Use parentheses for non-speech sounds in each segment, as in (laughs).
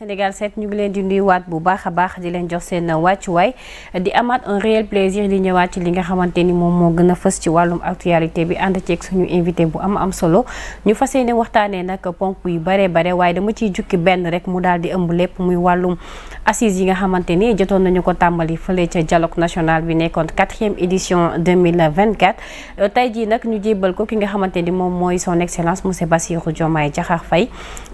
Sénégal 7 ñu ngi leen di nuyuwaat bu baax a baax di leen jox seen wàccuwaay di amaat un réel plaisir di ñëwaat ci li nga xamante ni moom moo gën a fës ci wàllum actualité bi ànd ceeg suñu invité bu am am solo ñu fas yéene waxtaanee nag ponk yu bare bare waaye dama ciy jukki benn rek mu daal di ëmb lépp muy wàllum assises yi nga xamante ni jotoon nañu ko tàmbali fële ca dialogue national bi nekkoon quatrième édition 2024 euh, tey jii nag ñu jébbal ko ki nga xamante ni moom mooy son excellence monsieur Bassirou Diomaye Diakhar Faye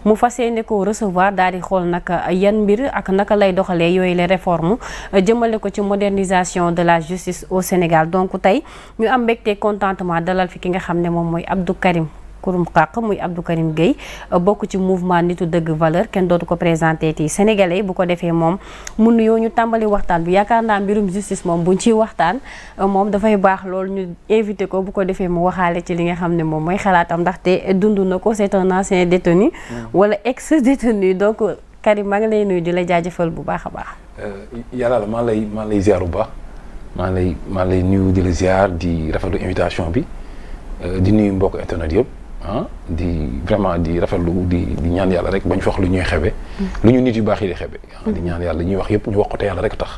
mu fas yéene ko recevoir daal di xool nag euh, yan mbir ak naka lay doxalee yooyu les réforme euh, jëmale ko ci modernisation de la justice au Sénégal donc tey ñu am mbégte contentement dalal fi ki nga xam ne moom mooy Abdou Karim kurum xàq muy Abdou Karim Gueye bokk ci mouvement nitu dëgg valeur kenn dootu ko présenté ti sénégalais bu ko defee moom mu nuyoo ñu tàmbali waxtaan bi yaakaar naa mbirum justice moom bu buñ ciy waxtaan moom dafay baax lool ñu invité ko bu ko defee mu waxaale ci li nga xam ne moom mooy xalaatam ndaxte dundu na ko c'est un ancien détenu mm. wala ex détenu donc Karim maa ngi lay nuy di la jaajëfal bu baax a baax. Euh, yàlla la maa lay maa lay ziar bu baax maa lay maa lay nuyu di la di rafetlu invitation bi euh, di nuyu mbokk internet ah di vraiment di rafetlu di di ñaan yàlla rek bañ fi wax lu ñuy xebe mm. lu ñu nit yu baax yi di xebe ah, di mm. ñaan yàlla ñuy wax yëpp ñu wax te yàlla rek tax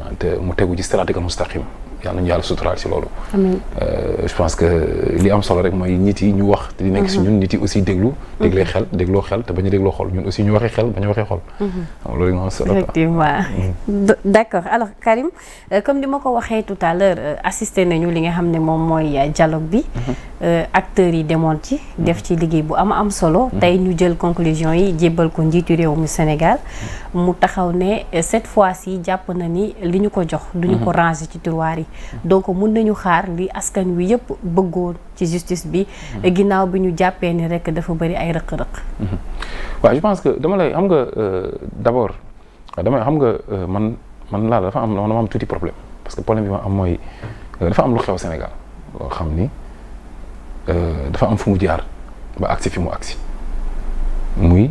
ah, te mu tegu ci siraatal mustaqim yàlla nañu yàlla suturaal si loolu. amiin euh, je pense que li am solo rek mooy nit yi ñu wax. te di nekk ñun nit yi déglu. déglee mhm. xel dégloo xel te bañ a dégloo xol ñun aussi ñu waxee xel bañ a waxee xol. Mhm. Ah, mhm. euh, euh, assisté nañu li nga xam ne moom mooy dialogue bi. acteurs yi demoon ci. def ci liggéey bu am am solo. tey ñu jël conclusion yi jébbal ko njiitu réew mu Sénégal mu taxaw ne cette fois ci jàpp na ni li ñu ko jox. duñu ko ranger ci tiroir yi. donc mun nañu xaar li askan wi yëpp bëggoon ci justice bi. ginnaaw bi ñu jàppee ni rek dafa bëri ay rëq-rëq. waaw mhm. je pense que dama lay xam nga euh, d'abord euh, dama xam nga euh, man man laa dafa am man ma am tuuti problème parce que problème bi ma am mooy dafa am lu xew Sénégal loo xam ni dafa am fu mu jaar ba agsi fi mu agsi muy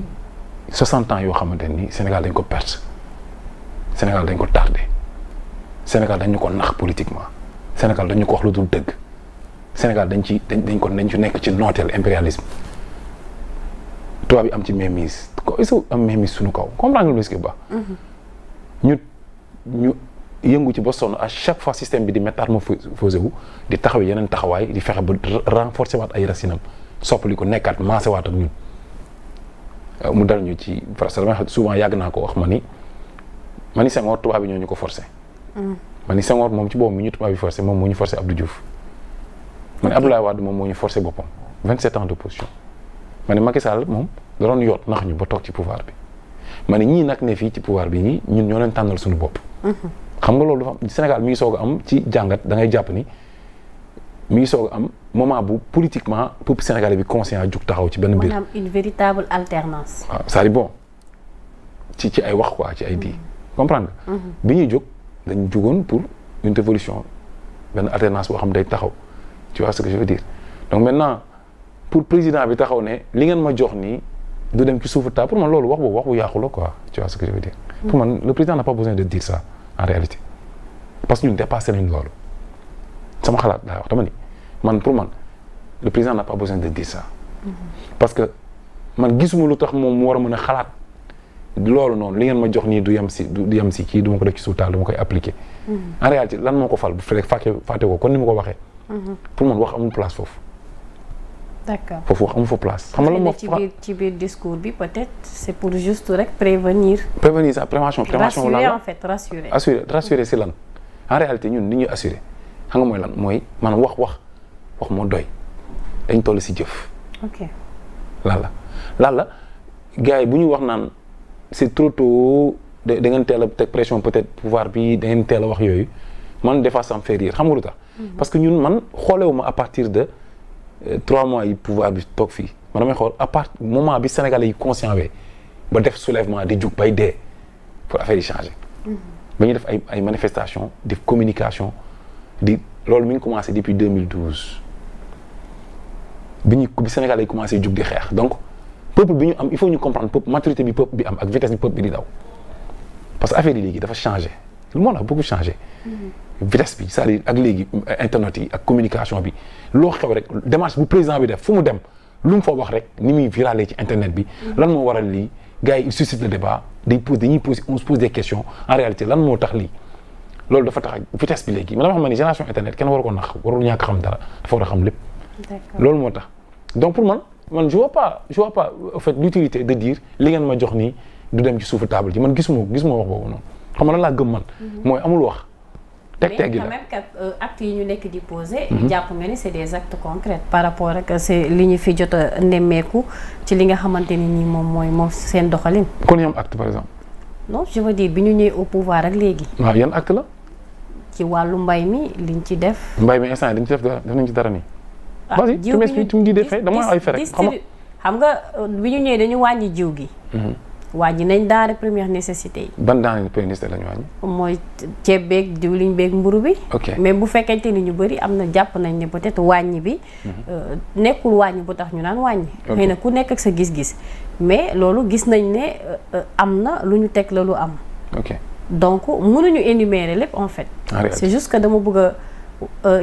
60 ans yoo xamante ni Sénégal dañ ko perte Sénégal dañ ko tardé. Sénégal dañu ko nax politiquement Sénégal dañu ko wax lu dul dëgg Sénégal dañ ci dañ dañ ko dañ ci nekk ci nooteel impérialisme tubaab bi am ci mainmise ko est-ce que am mainmise suñu kaw comprendre ba mm-hmm. ñu yëngu ci ba sonn a chaque fois système bi di métamorphosé wu di taxaw yeneen taxawaay di fexe ba renforcer waat ay racinam soppali ko nekkaat maase waat ñu euh, mu dal ñu ci parce que souvent yàgg naa ko wax ma ni ma ni Senghor tubaab bi ñoo ñu ko forcé ma ni Senghor moom ci boobu mi ñu tubaab bi forcé moom moo ñu forcé Abdou Diouf ma ne Abdoulaye Wade moom moo ñu forcé boppam 27 ans d'opposition ma ne Macky Sall moom da doon yoot nax ñu ba toog ci pouvoir bi ma ne ñii nag ne fii ci pouvoir bi ñii ñun ñoo leen tànnal suñu bopp mhm. xam nga loolu dafa am Sénégal mi ngi soog am ci jàngat da ngay jàpp ni mi ngi soog am moment bu politiquement peuple sénégalais bi conscient a jug taxaw ci benn mbir. maanaam une véritable alternance. waaw bon ci ci ay wax quoi ci ay di mhm. comprendre nga. Mhm. bi ñuy jóg dañ jugoon pour une révolution benn alternance boo xam day taxaw tu vois ce que je veux dire donc maintenant pour président bi taxaw ne li ngeen ma jox nii du dem ci suufu taa pour man loolu wax boobu wax bu yàqu la quoi tu vois ce que je veux dire. pour man le président n'a pas besoin de dire ça en réalité parce que ñun sama xalaat laa wax dama ni man pour man le président n'a pas besoin de dire ça. Mm-hmm. parce que man gisuma lu tax moom mu war a a xalaat. loolu noonu li ngeen ma jox nii du yem si du yem si kii du ma ko def ci suuf taal du ma koy appliqué. Mhm. en réalité lan moo ko fal bu fekkee ko kon ni ma ko waxee. Mhm. pour man wax amul place foofu. foofu wax amul fa place. xam nga lan moo ci biir rassurer si lan en réalité ñun ni ñuy assurer xam nga mooy lan mooy maanaam wax wax wax moo doy dañ toll si jëf. ok la lan la gars yi bu ñu wax naan. c'est trop tôt da ngeen teel a teg pression peut-être pouvoir bi da ngeen teel a wax yooyu man des fois ça me fait xam nga lu tax. Mhm. parce que ñun man xoolewuma à partir de euh, trois mois yi pouvoir bi toog fii man damay xool à part moment bi Sénégalais yi conscient wee ba def soulèvement di jug bay dee pour affaire yi changer. Mhm. ba ñu def ay ay manifestations di communication di loolu mi ngi commencé depuis 2012 bi ñu bi Sénégalais yi commencé jug di xeex donc. peuple bi ñu am il faut ñu comprendre peuple maturité bi peuple am ak vitesse bi peuple bi di daw parce que affaire léegi dafa changé le monde a beaucoup changé. Mm-hmm. vitesse bi cest à ak léegi internet communication bi loo xew rek démarche bu président bi def fu mu dem lu mu wax rek ni muy virale ci internet bi. Mm-hmm. lan moo waral lii gars yi suscite le débat dañ pose dañuy pose on se en réalité lan moo tax lii. loolu dafa tax vitesse bi léegi man dama ma ne génération internet kenn waru ko nax warul ñàkk xam dara dafa war a xam lépp. loolu moo tax donc pour man. man je vois pas je l'utilité de dire li ngeen ma jox nii du dem ci suufu table ji man gisuma ko gisuma wax boobu noonu xam nga laa gëm man. Mhm. mooy amul wax. teg teg gi la mais euh, yi ñu nekk di posé. Mhm. jàpp nga ni c'est des actes par rapport ak euh, c'est li ñu fi jot a nemmeeku ci li nga xamante ni moom mooy moom seen doxalin. kon yam acte par exemple. non je veux bi ñu ñëwee au pouvoir ak léegi. waaw yan ak la. ci wàllu mbay mi li ñu ci def. mbay mi instant dañ ci def def nañ ci dara nii. Ah, vas-y tu m'expliques tu me dis des faits dama ay faits rek xam nga euh, bi ñu ñëwee dañu wàññi jiw gi. Mhm. wàññi nañ denrée première nécessité yi. ban denrée première nécessité lañu wàññi. mooy ceeb beeg diwliñ beeg mburu bi. mais bu fekkente ni ñu bëri am na jàpp nañ ne peut-être wàññi bi. Mhm. Euh, nekkul wàññi bu tax ñu naan wàññi. xëy na ku nekk ak sa gis-gis. mais loolu gis nañ ne euh, am na lu ñu teg la lu am. ok donc mënuñu énumérer lépp en fait. c'est juste que dama bëgg a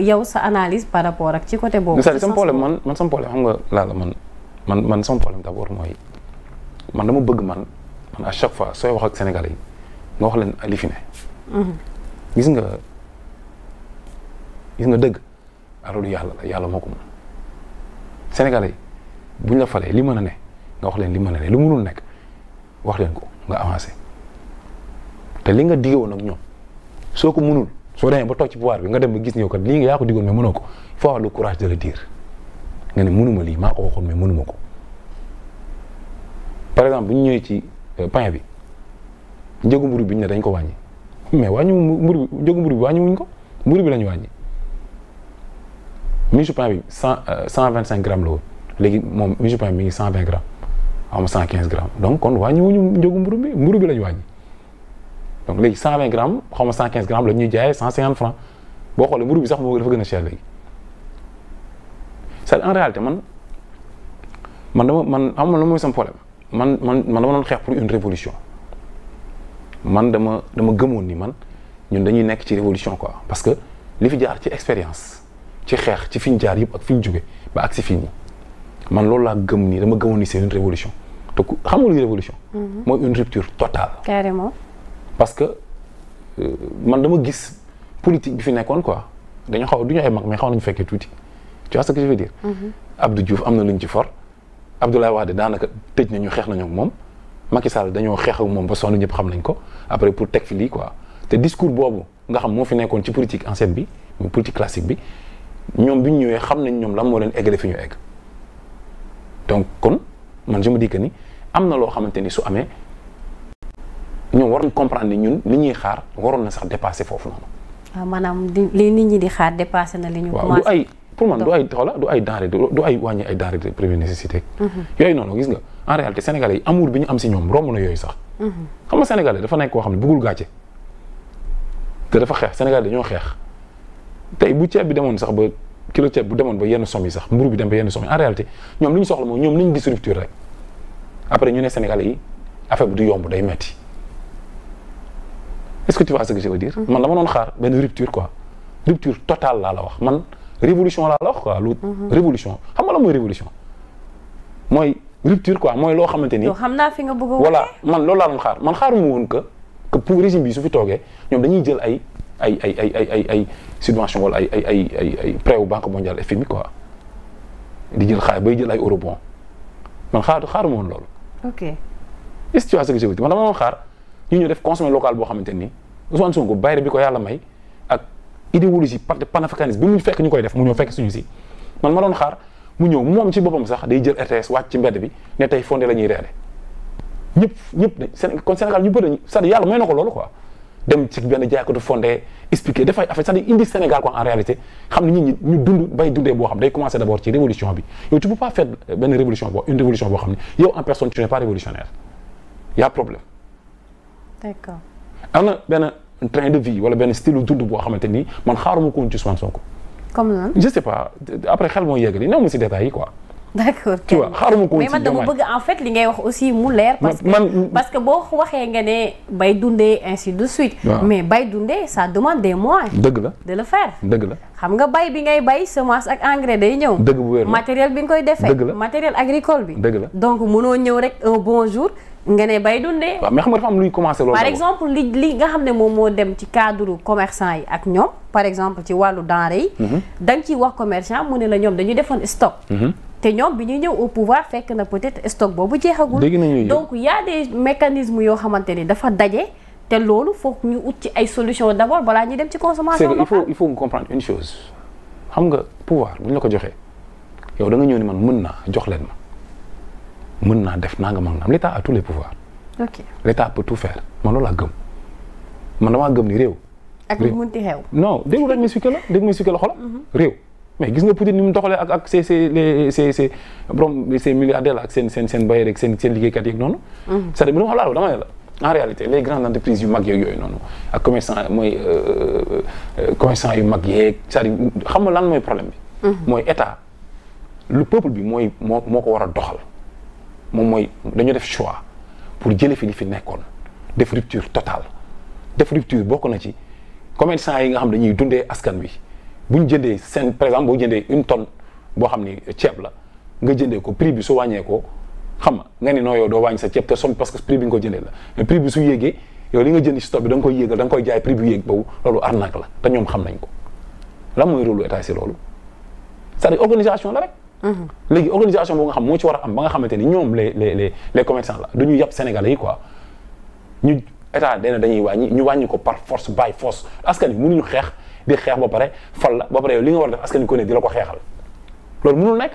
yow sa e, e, e, analyse par rapport ak ci côté boobu. c'est sama problème man man sama problème xam nga la man man man sama problème d'abord mooy man dama bëgg man man a chaque fois sooy wax ak Sénégalais yi nga wax leen li fi ne. Mhm. gis moo ko la falee li mën a ne nga wax leen li mën a ne lu mënul nekk wax leen ko nga avancé te li nga digé woon ak ñoom soo ko mënul. soo demee ba toog ci pouvoir bi nga dem ba gis ne yow kat lii nga yaa ko digoon mais mënoo ko il faut avoir le courage de le dire nga ne mënuma lii maa ko waxoon mais mënuma ko par exemple bu ñu ñëwee ci euh, pain bi njëgu mburu bi ñu ne dañ ko wàññi mais wàññi mburu bi mburu bi wàññi wuñ ko mburu bi la ñu wàññi michu pain bi cent euh, cent vingt cinq grammes la woon léegi moom michu bi mi ngi cent vingt grammes am cent quinze grammes donc kon wàññi wuñu njëgu mburu bi mburu bi la ñu wàññi donc léegi 120 grammes xaw ma 115 grammes la ñuy jaayee 150 francs boo xoolee mburu bi sax moo dafa gën a cher man man dama man xam nga mooy sama problème man man man dama doon xeex pour une man dama dama gëmoon nii man ñun dañuy nekk ci révolution quoi parce que li fi jaar ci expérience ci xeex ci fi ñu jaar yëpp ak fi ñu jóge ba ak si fii man loolu laa gëm ni dama gëmoon ni c'est une révolution te xam nga luy révolution mhm. mooy une rupture totale parce que euh, man dama gis politique bi fi nekkoon quoi dañu xaw du ñu ay mag mais xaw nañu fekkee tuuti tu que je dire. Mm-hmm. Abdou Diouf am na lu ñu ci for Abdoulaye Wade daanaka tëj nañu xeex nañu ak moom Macky Sall dañoo xeex ak moom ba sonn ñëpp xam nañ ko après pour teg fi lii quoi te discours boobu nga xam moo fi nekkoon ci politique ancienne bi muy politique classique bi ñoom bi ñu ñëwee xam nañ ñoom lan moo leen eggale fi ñu egg donc kon man je ma dis ni am na loo xamante ni su amee. ñoom war nañ comprendre ni ñun li ñuy xaar waroon na sax dépassé foofu noonu. waaw ah, maanaam li nit ñi di xaar dépassé na li ñu. commencé du ay pour man du ay xoola du ay denrée du ay wàññi ay denrée de première nécessité. Mhm. yooyu noonu gis nga en réalité sénégalais yi amour bi ñu am si ñoom romb na yooyu sax. Mhm. xam nga sénégalais dafa nekk koo xam ne bëggul gàcce te dafa xeex sénégalais dañoo xeex tey bu ceeb bi demoon sax ba kilo ceeb bu demoon ba yenn somm yi sax mburu bi dem ba yenn somm yi en réalité ñoom li ñu soxla mooy ñoom li ñu di rupture rek yi affaire bi yomb day metti est-ce que tu vois ce que je veux dire. man dama doon xaar benn rupture quoi rupture totale laa la wax man révolution laa la wax quoi. lu mhm. révolution xam nga la mooy révolution mooy rupture quoi mooy loo xamante ni. xam naa fi nga bëgg voilà man loolu laa doon xaar man xaaruma woon que que pour régime bi su fi toogee ñoom dañuy jël ay ay ay ay ay ay ay subvention wala ay ay ay ay ay prêt banque mondiale FMI quoi di jël xaar bay jël ay eurobond man xaar xaaruma woon loolu. ok est-ce que tu ñu ñëw def consommer local boo xamante ni. Ousmane Sonko bayre bi ko yàlla may ak idéologie parti panafricaniste bi mu fekk ñu koy def mu ñëw fekk suñu si man ma doon xaar mu ñëw moom ci boppam sax day jël RTS wàcc ci mbedd bi ne tey fondé la ñuy reere ñëpp ñëpp kon Sénégal ñu bëri c'est-à-dire yàlla may na ko loolu quoi dem ci benn jaaykatu fondé expliqué dafay affaire c'est-à-dire indi Sénégal quoi en réalité xam ne ñu dund bay dundee boo xam day commencé d'abord ci révolution bi yow tu peux pas faire benn train de vie wala benn style dund boo xamante ni man xaaruma ko woon ci Ousmane comme lan je pas après xel moo yeggali néew ma si détails yi quoi. d'accord tu vois xaaruma ko woon mais dama bëgg en fait li ngay wax aussi mu leer. parce que boo waxee nga ne bay dundee ainsi de suite. mais bay dundee ça demande des moyens. dëgg la de le faire. dëgg la xam nga bay bi ngay bay semence ak engrais day ñëw. dëgg bu wér matériel bi nga koy defee. dëgg la matériel agricole bi. dëgg la nga ne bay dundee. waaw mais xam nga dafa am luy commencé loolu. par exemple li li nga xam ne moom moo dem ci cadre commerçant yi ak ñoom par exemple ci wàllu denrée yi. Mhm. da nga ciy wax commerçant mu ne la ñoom dañu defoon stock. Mhm. te ñoom bi ñuy ñëw au pouvoir fekk na peut-être stock boobu jeexagul. donc y a des mécanismes yoo xamante ni dafa daje. te loolu foog ñu ut ci ay solution d'abord balaa ñu dem ci consommation. locale c'est que il faut il faut xam nga pouvoir bu ñu la ko joxee yow da nga ñëw ni man mën naa jox leen ma. mën naa def nangam ak nangam l'état a tous les pouvoirs. ok tout faire man loolu laa gëm man damaa gëm ni réew. ak lu munti xew. no dégg nga dañ ma la dégg ma expliqué la xoolal. Mhm. réew mais gis nga Poutine ni mu doxalee ak ak ses ses les ses ses borom la ak seen seen seen bailleurs ak seen seen liggéeykat yeeg noonu. Mhm. c'est-à-dire lu ma xalaat en réalité les grandes entreprises yu mag yooyu noonu ak commerçant mooy euh, euh, euh, commerçant yu mag yeeg c'est-à-dire xam nga lan mooy problème bi. Mhm. mooy état lu peuple bi mooy moo moo ko war a doxal. moom mooy dañu def choix pour jëlee fi li fi nekkoon def rupture totale def rupture bokk na ci commerçant yi nga xam dañuy dundee askan wi bu ñu jëndee seen par exemple boo jëndee une tonne boo xam ni ceeb la nga jëndee ko prix bi su wàññee ko xam nga nga ni noo yow doo wàññi sa ceeb te som parce que prix bi nga ko jëndee la mais prix bi su yéegee yow li nga jënd si stock bi da nga koy yéegal da koy jaay prix bu yéeg boobu loolu arnaque la te ñoom xam nañ ko lan mooy rôle lu si loolu cest à la léegi organisation boo nga xam moo ci war am ba nga xamante ni ñoom les les les les commerçants la du ñu yàpp sénégalais yi quoi ñu état dana dañuy wàññi ñu wàññi ko par force by force askan wi mënuñu xeex di xeex ba pare fal la ba pare yow li nga war a def askan wi ne di la ko xeexal loolu mënul nekk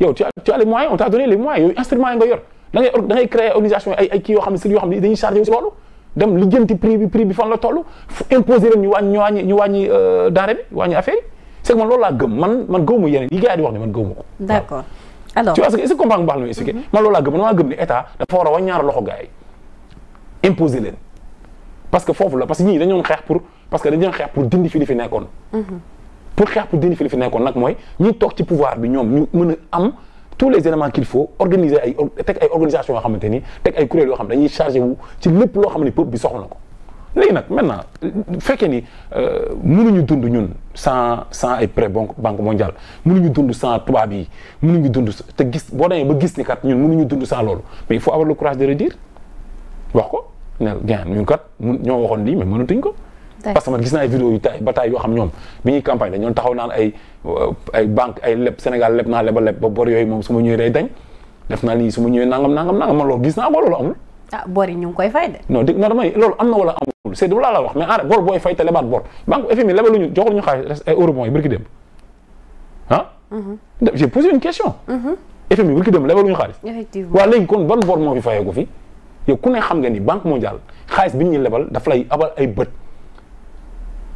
yow ti a les moyens on t'a donné les moyens yooyu instruments yi nga yor da ngay da ngay créer organisation ay kii yoo xam ne sëñ yoo xam ne dañuy chargé wu si loolu dem pri prix bi prix bi fan la toll imposer leen ñu wàññi ñu wàññi ñu wàññi euh, denrée bi c' est que man loolu laa gëm man man gëmu yeneen yi gars yi wax ne man gëmu ko. d' accord alors tu vois est ce que comprendre bu la ma expliqué. Mm-hmm. man loolu laa gëm man maa gëm ne état dafa war a wàññi loxo gars yi imposer parce que foofu la parce que ñii dañu doon xeex pour parce que dañu doon xeex pour dindi fi li fi nekkoon. Mm-hmm. pour xeex pour dindi fi li fi nag mooy ñi toog ci pouvoir bi ñoom ñu mën a am tous les éléments qu'il faut organiser ay teg ay organisation yoo xamante ni teg ay kuréel yoo xam dañuy chargé wu ci lépp loo xam ne peuple bi soxla na ko léegi nag maintenant bu fekkee ni euh, mënuñu dund ñun sans sans ay prêt banque banque mondiale mënuñu dund sans tubaab yi mënuñu dund te gis boo demee ba gis ni kat ñun mënuñu dund sans loolu mais il faut avoir le courage de le wax ko ne gaan ñun kat ñoo waxoon lii mais mënatuñ ko. parce que man gis naa ay vidéo yu taay bataay yoo xam ñoom bi ñuy campagne dañoon taxaw naan ay euh, ay banque ay leb Sénégal leb naa leba leb ba bor moom su ma ñëwee day dañ def naa lii su ma ñëwee nangam nangam nangam man loolu gis naa ah bor yi ñu ngi koy fay de. non dégg nga damay loolu am na wala amul c'est du la la wax mais en bor booy fay te lebaat bor banque FMI lebaluñu joxuñu xaalis ay euro mooy bërki dem ah. Mm-hmm. j'ai posé une question. Mm-hmm. FMI bërki dem lebaluñu xaalis. effectivement léegi kon ban bor moo fi fayee ko fi yow ku ne xam nga ni banque mondiale xaalis bi ñuy lebal daf lay abal ay bët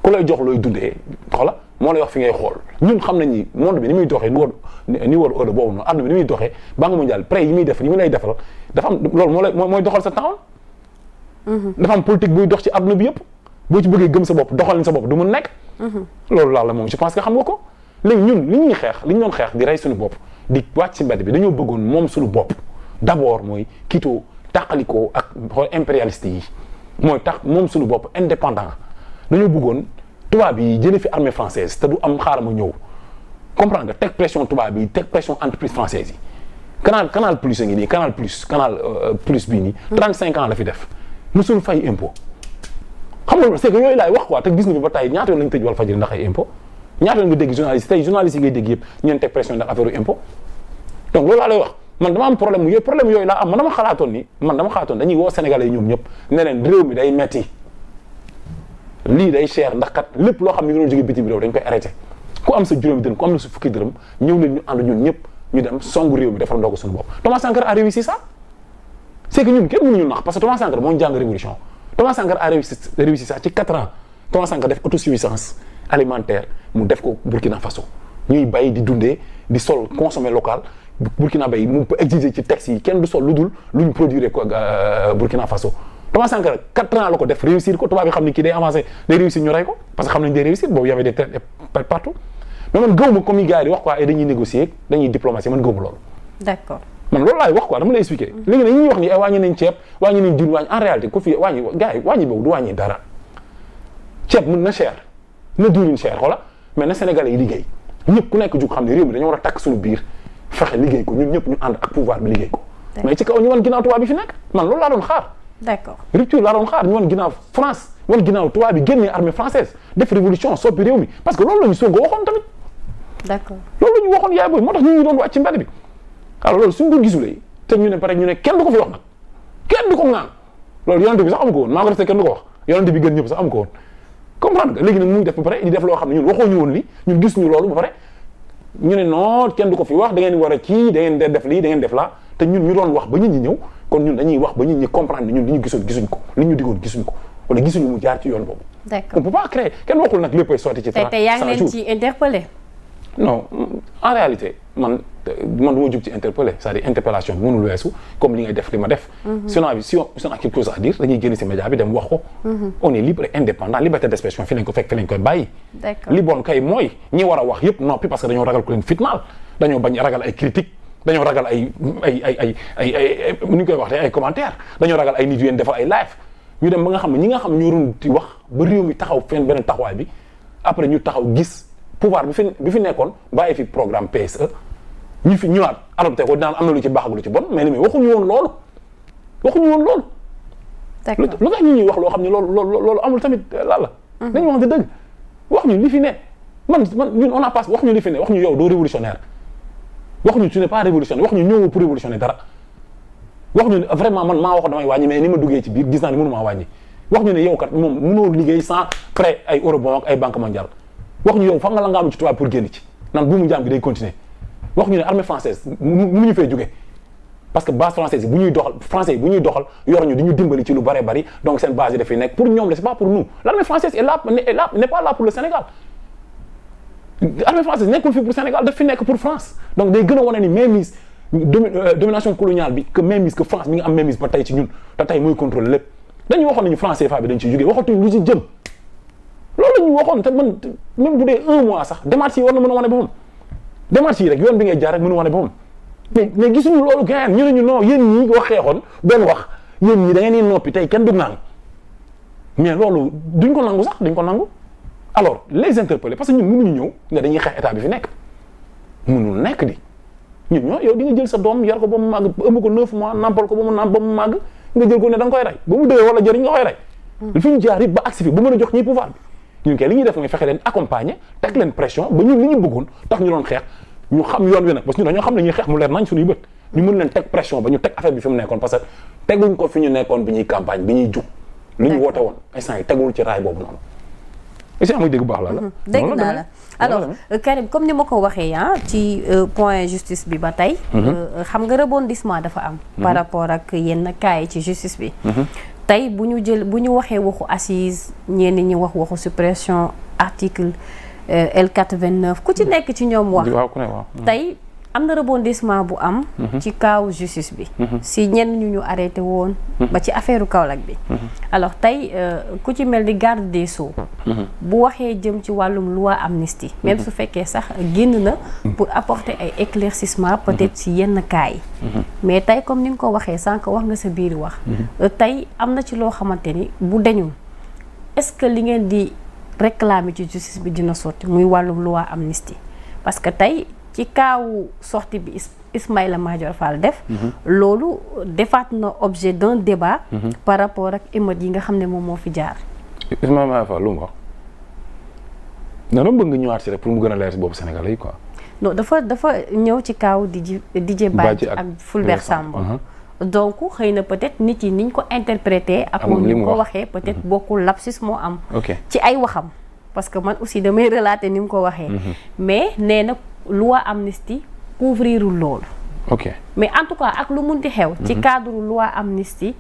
ku lay jox looy dundee xoola moo lay wax fi ngay xool ñun xam nañ ni monde bi ni muy doxee niveau niveau euro boobu noonu àdduna bi ni muy doxee banque mondiale prêt yi muy def yi muy lay defal dafa lool loolu moo lay mooy doxal sa temps. Mm-hmm. dafa am buy dox ci na bi yëpp boo ci bëggee gëm sa bopp doxalin sa bopp du mun nekk. Mm-hmm. loolu laa la moom je pense que xam nga ko léegi ñun li ñuy xeex li ñu doon xeex di rey suñu bopp di wàcc ci mbedd bi dañoo bëggoon moom suñu bopp d'abord mooy kitoo tàqalikoo ak xool impérialiste yi mooy tax moom suñu bopp indépendant dañoo bëggoon. tubaab yi jëlee fi armée française te du am xaaral ma ñëw comprendre nga teg pression tubaab yi teg pression entreprise française yi canal canal plus a ngi nii canal plus canal euh, plus bii nii. 35 hmm. ans la fi def mosul fay impôt. xam yooyu laay wax quoi te gis nga ba tey ñaata yoon lañ tëj wal fajiri ndax ay nga dégg journaliste tey yëpp ñeen teg pression ndax affaire impôt donc loolu wax man dama am problème yooyu problème yooyu laa am man dama ni man dama xalaatoon dañuy woo sénégalais yi ñoom ñëpp ne leen réew mi day metti lii day cher ndax kat lépp loo xam ne ñu doon jógee bitim réew dañ koy arrêté ku am sa juróomi dërëm ku am na sa fukki dërëm ñëw leen ñu ànd ñun ñëpp ñu dem songu réew mi defar ndoo ko suñu bopp Thomas Sankara a réussi ça c'est que ñun nax parce que Thomas Sankara moo ñu jàng révolution Thomas Sankara a réussi réussi ça ci 4 ans Thomas Sankara def autosuffisance alimentaire mu def ko Burkina Faso ñuy bay di dundee di sol consommer local Burkina bay mu exiger ci taxes yi kenn du sol lu dul luñ produire ko euh, Burkina Faso Thomas Sankara 4 ans la ko def réussir ko tubaab bi xam ne kii day avancé day réussir ñu rey ko parce que xam nañ day réussir boobu y avait dañuy négocier man gëw ma loolu. man loolu wax quoi dama lay expliquer. Mm. léegi nag ñuy wax ni ay wàññi nañ ceeb wàññi ku na cher na diwlin cher xoola mais na Sénégalais liggéey ñëpp ku nekk jug xam ne réew mi dañoo war a takk suñu biir fexe liggéey ko ñu ñëpp ñu ànd ak pouvoir bi liggéey ko mais ci kaw ñu wan ginnaaw tubaab bi d'accord rupture laa doon xaar ñu wan ginnaaw France wan ginnaaw tubaab bi génnee armée française def révolution soppi réew mi parce que loolu ñu Sonko waxoon tamit. d'accord loolu la ñu waxoon yaay booy moo tax ñu doon ñu ne pare ñu ne kenn du wax loolu yonent bi sax amu ko woon maa bi gën ñëpp ko woon comprendre nga léegi nag mu def ba pare di ne ñun waxoo ñu woon li ñun gis ñu loolu ba pare ñu ne non kenn fi wax da ngeen war a kii da ngeen def lii da ngeen def laa te ñun ñu doon wax ba nit ñi ñëw kon ñun dañuy wax ba ñun ñi comprendre ne ñun li ñu gisoon gisuñ ko li ñu digoon gisuñ ko wala gisuñu mu jaar ci yoon boobu. d'accord on peut pas créer kenn waxul nag léppay sotti ci. trente cent jours tey leen ci interpellé. non en réalité man man du ma jub ci interpellé c'est-à-dire interpellation bi weesu comme li ngay def li ma def. Mhm. si on a si on a quelque ko. Mhm. on libre et indépendant liberté d'expression ko fekk fi lañ koy bàyyi. d'accord li bon kay mooy ñi war a wax yëpp noppi parce que dañoo ragal ku leen fitnaal dañoo bañ dañoo ragal ay ay ay ay ay ay koy wax ay commentaire dañoo ragal ay nit yu ay live ñu dem ba nga xam ne ñi nga xam ñoo doon di wax ba réew mi taxaw fenn beneen taxawaay bi après ñu taxaw gis pouvoir bi fi bi fi nekkoon bàyyi fi programme PSE ñu fi ñëwaat adopté ko daan am na lu ci baax ci bon mais ni mais waxuñu woon loolu waxuñu woon loolu. d'accord lu tax ñu ñuy wax loo xam ne loolu loolu loolu amul tamit lan la. dañu mhm. wax dëgg wax ñu li fi ne man on a passé wax ñu li wax ñu yow doo révolutionnaire waxuñu tu n'es pas révolutionnaire waxuñu ñëw pour révolutionner dara waxuñu ne vraiment man maa waxoon damay wàññi me ni ma duggee ci biir gis naa ni mënu maa wàññi ñu ne yow kat moom mënoo liggéey sans prêt ay eurobond ak ay banque mondiale wax ñu yow fa nga la am ci tubaab pour génn ci naan bu mu jaam gi day continuer wax ñu ne armée française mu ñu fee jóge parce que base française bu ñuy doxal français yi bu ñuy doxal yor ñu di ñu dimbali ci lu bare bari donc seen base yi dafay nekk pour ñoom la c'est pas pour armée française nekkul fi pour Sénégal daf fi nekk pour France donc day gën a wane ni mainmise euh, domination coloniale bi que mainmise que France mi ngi am mainmise ba tey ci ñun te tey mooy contrôler lépp dañu waxoon nañu France CFA bi dañ ci jógee waxatuñ lu ci jëm loolu la ñu waxoon ta man même bu dee un mois sax démarche yi war na mën a wane boppam démarche yi rek yoon bi ngay jaar rek mën a wane boppam mais mais gisuñu loolu gars ñu ne ñu non yéen ñii wax xeexoon benn wax yéen ñii da ngeen noppi tey kenn du naan mais loolu duñ ko nangu sax duñ ko nangu. alors les interpeller parce que ñun mënuñu ñëw ne dañuy xeex état bi fi nekk mënul nekk di ñun ñoo yow di jël sa doom yar ko ba mu màgg ëmb ko ba mu nàmp nga jël ko ne da nga koy rey ba mu dëwee wala jëriñ nga koy rey hmm. fi ñu jaar it ba agsi fi ba mën fexe leen accompagner leen pression ba ñun ñu bëggoon tax ñu doon xeex ñu xam mu leen teg pression ba ñu teg affaire bi fi mu nekkoon que teguñ ko fi ñu nekkoon bi ñuy campagne bi ñuy jug li ñu woote woon instant yi tegul ci raay boobu noonu est-ce que dégg baax la la. Mhm. dégg naa la alors euh, Karim comme ni ma ko waxee ah ci euh, point justice bi ba tey. Mhm. Euh, xam nga rebondissement dafa am. Mhm. par rapport ak yenn cas yi ci justice bi. tey bu ñu jël bu ñu waxee waxu assise ñenn ñi wax waxu suppression article L quatre vingt neuf ku ci nekk ci ñoom wax. tey. am na rebondissement bu am. Mhm. ci kaaw justice bi. Mhm. si ñenn ñu ñu arrêté woon. Mhm. ba ci affaire Kaolack bi. alors tey euh, ku ci mel ni garde des so bu waxee jëm ci wàllum loi amnistie. même su fekkee sax génn na. pour apporter ay éclaircissement peut-être si yenn cas mais tey comme ni nga ko waxee sànq wax nga sa biir wax. Euh, tey am na ci loo xamante ni bu deñul est-ce que li ngeen di réclamer ci justice bi dina sotti muy wàllum loi amnistie parce que tey. ci kaawu sortie bi Ismaïla Madior Fall def mhm. loolu defaat na objet d'un débat mhm. par rapport ak émeutes yi nga xam ne moom moo fi jaar Ismaïla Madior Fall lu mu wax na bëgg nga ñëwaat si rek pour mu gën a leer si boobu Sénégalais yi quoi dafa dafa ñëw ci kaaw Dj Dj Badji ak Fulbert Sambou mhm. donc xëy na peut-être nit yi niñ ko interprété ak moom ni ko waxee peut-être bokkul lapsus moo am ci ay waxam parce que man aussi damay relater ni mu ko waxee mais nee loi amnistie couvrirul loolu. ok mais en tout cas ak lu mun di xew. ci mhm. cadre loi amnistie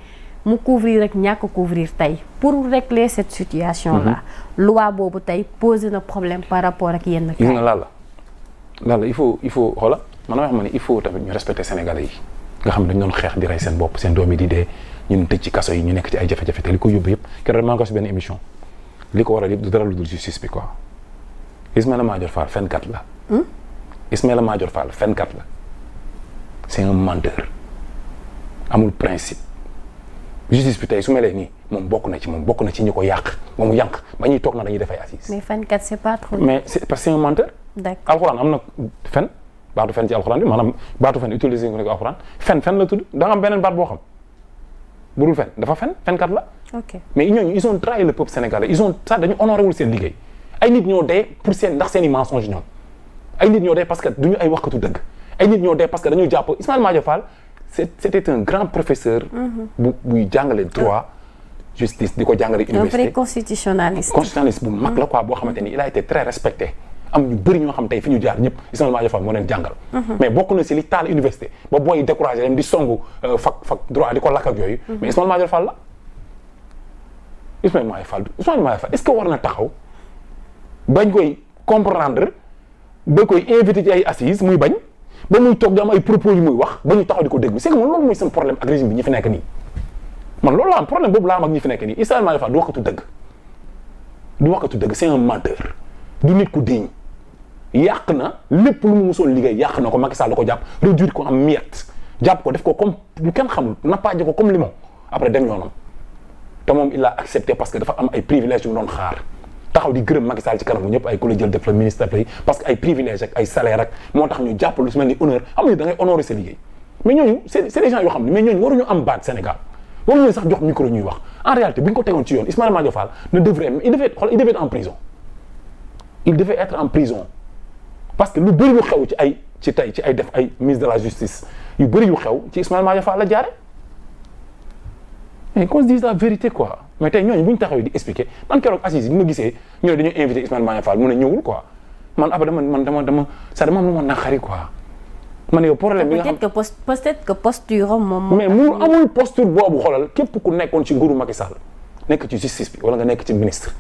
mu couvrir rek ñàkk couvrir tey pour régler cette situation la mhm. loi boobu tey posé na problème par rapport ak yenn. gis nga laal la laal la il faut il faut xoola man ma xam ne il faut tamit ñu respecter Sénégalais yi. nga xam ne xeex di rey seen bopp seen doom yi di ci kaso yi ñu nekk ci ay jafe-jafe te li ko yóbbu yëpp keroog maa ngi ko si benn émission li ko waral yëpp du dara lu dul justice bi quoi Ismaïla Madior la. Hmm? Ismaïla Madior Fall fenkat la c'est un menteur amul principe justice bi tey su melee nii moom bokk na ci moom bokk na ci ñu ko yàq ba mu yànq ba ñuy toog na dañuy defay assise. mais fenkat c'est pas trop. mais c'est parce que c'est un menteur. d'accord alxuraan am na fen baatu fen ci la tudd da nga am beneen baat boo xam budul fen dafa fen fenkat la. ok mais ñooñu ils ont trahi le peuple sénégalais ils dañu honoré wul seen liggéey ay nit ñoo dee pour seen ndax seen i mensonge ñoom. ay nit ñoo dee parce que du ñu ay waxkatu dëgg ay nit ñoo dee parce que dañu jàpp Ismaïla Madior Fall c'est mm-hmm. bu buy jàngale di ko jàngale université un vrai constitutionnaliste constitutionnaliste mag la quoi boo xamante ni a été très respecté am ñu bëri ñoo xam tey fi ñu jaar ñëpp Ismaïla Madior Fall moo leen jàngal mm-hmm. mais bokk na si li taal université ba booy découragé dem di songu euh, fac fac droit di ko lakk ak mm-hmm. mais Ismaïla Madior Fall la Ismaïla Madior Fall Ismaïla Madior Fall est que war na taxaw bañ koy comprendre ba koy invité ci ay muy bañ ba muy toog di am ay propos yu muy wax ba ñu taxaw di ko déglu c'est que man loolu mooy seen problème ak bi ñu fi nekk nii man loolu laa am problème boobu laa am ak ñi fi nekk nii Ismaïla Madior Fall du dëgg du waxkatu dëgg du nit ku diñ yàq na lépp lu mu musoon liggéey yàq na ko Macky Sall ko jàpp réduire ko am miette jàpp ko def ko comme kenn xamul nappaaje ko comme limon après dem yoonam te moom il a accepté parce que dafa am ay privilèges yu mu doon xaar taxaw di gërëm Macky Sall ci kanamu ñëpp ay ku la jël def la ministre def la parce que ay privilège ay salaire moo tax ñu jàpp lu su mel ni honneur amuñu da ngay honorer sa liggéey mais ñooñu c'est c'est des gens yoo xam ne mais ñooñu waruñu am baat Sénégal waruñu sax jox micro ñuy en réalité bi ñu ko tegoon ci yoon Ismaïla Madior Fall ne devrait il devait en prison il devait en prison parce que lu bëri yu xew ci ay ci tey ci ay def ay ministre de la justice yu bëri yu xew ci Ismaïla Madior la jaare mais qu'on se dise la quoi mais tey ñooñu bu ñu taxawee di expliquer man keroog assise yi ma gisee ñooñu dañoo invité Ismaïla Madior Fall mu ne ñëwul quoi man après ah, dama man dama dama ça lu ma naqari quoi. man yow problème que posture am moom mais mu boobu xoolal képp ku nekkoon ci nguuru Macky Sall nekk ci justice bi wala nga nekk ci ministre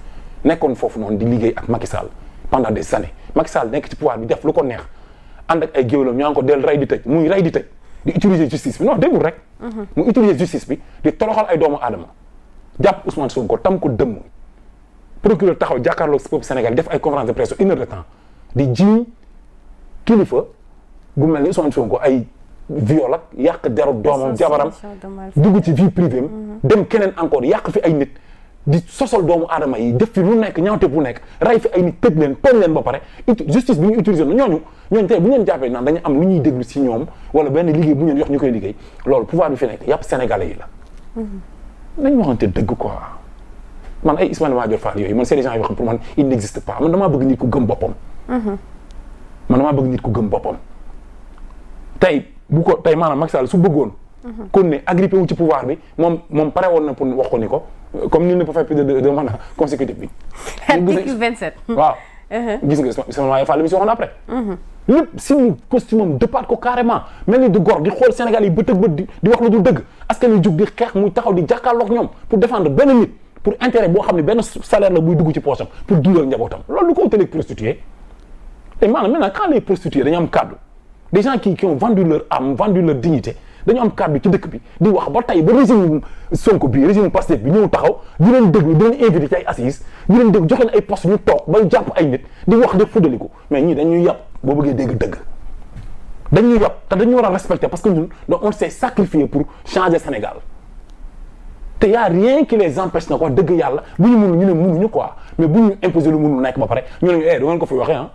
nekkoon foofu noonu di liggéey ak Macky Sall pendant des années Macky Sall nekk ci pouvoir bi def lu ko neex ànd ak ay géwélam ñaa ko del rey di tëj muy rey di tëj di utiliser justice bi non déggul rek. Mhm. ay doomu aadama. jàpp Ousmane ko tam ko dëmm procureur taxaw jàkkaarloog peuple Sénégal def ay conférence de presse une heure de di jiiñ kilifa gu mel ni Ousmane ko ay viol ak yàq deru doomam jabaram dugg ci vie privée mhm. dem keneen encore yàq fi ay nit di sosol doomu aadama yi def fi lu nekk ñaawte bu nekk ray fi ay nit tëj leen tooñ leen ba pare justice bi ñu utiliser na ñooñu ñooñu tey bu ñu jàppee naan dañu am lu ñuy déglu si ñoom wala benn liggéey bu ñu leen yox ñu koy liggéey loolu pouvoir bi fi nekk yàpp sénégalais yi la mhm. nañ waxante dëgg quoi man ay Ismaïla Madior Fall yooyu man c'est des gens yoo xam pour man il n'existe pas man damaa bëgg nit ku gëm boppam. Mhm. man damaa bëgg nit ku gëm boppam. tey bu ko tey maanaam Macky su bëggoon. Mhm. kon ne agrippé pouvoir bi moom pare woon na pour wax ni ko comme ni ne peut faire plus de deux mandats consécutifs bi. (laughs) article 27 waaw. Uh-huh. gis nga Ismaïla Madior Fall li mu si waxoon après. Uh-huh. lépp si mu costume am dëppaat ko carrément mel ni du gor di xool Sénégal yi bët ak bët di wax lu dul dëgg askan wi jug di xeex mu taxaw di jàkkaarloog ñoom pour défendre benn nit pour intérêt boo xam ne benn salaire la buy dugg ci poosam pour dundal njabootam loolu du ko tëleeg prostituée te maanaam maintenant quand les prostituées dañu am kàddu des gens qui qui ont vendu leur âme vendu leur dignité dañu am kàddu ci dëkk bi di wax ba tey ba régime Sonko bi régime Pastef bi ñëw taxaw di leen déglu di leen invité ci ay assises di leen déglu jox leen ay poste ñu toog ba jàpp ay nit di wax de fuddaliku mais ñii dañuy yàpp boo bëggee dégg dëgg dañuy yàpp te dañu war a respecter parce que ñun donc on s'est sacrifié pour changer Sénégal te y a rien qui les na ko wax dëgg yàlla bu ñu mënu ñu ne mënuñu quoi mais bu ñu imposer lu mënu nekk ba pare eh, ko fi waxee ah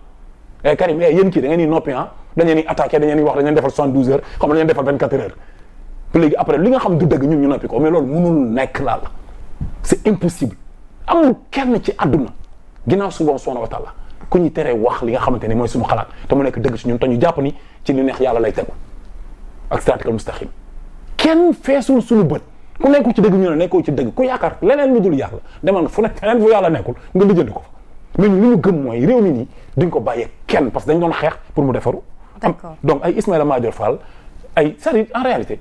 eh Karim eh yéen kii da ngeen di noppi ah da ngeen di attaqué da ngeen di wax da ngeen defal soixante-douze heures xam nga da ngeen defal vingt-quatre heures te léegi après li nga xam du dëgg ñun ñu noppi ko mais loolu mënul nekk la c'est impossible amul kenn ci àdduna ginnaaw suba subhaanahu wa taala ku ñu tere wax li nga xamante ni mooy suñu xalaat te mu nekk dëgg ci ñun te ñu jàpp ni ci li neex yàlla lay tegu ak siraatal mustaqim kenn feesul suñu bët ku nekkul ci dëgg ñu ne nekkoo ci dëgg ku yaakaar leneen lu dul yàlla demal nga fu nekk feneen fu nga lijjanti ko ñun li mu gëm mooy réew mi nii duñ ko bàyyee kenn parce que dañ doon xeex pour mu defaru. d'accord donc ay Ismaïla Madior fal ay cest à en réalité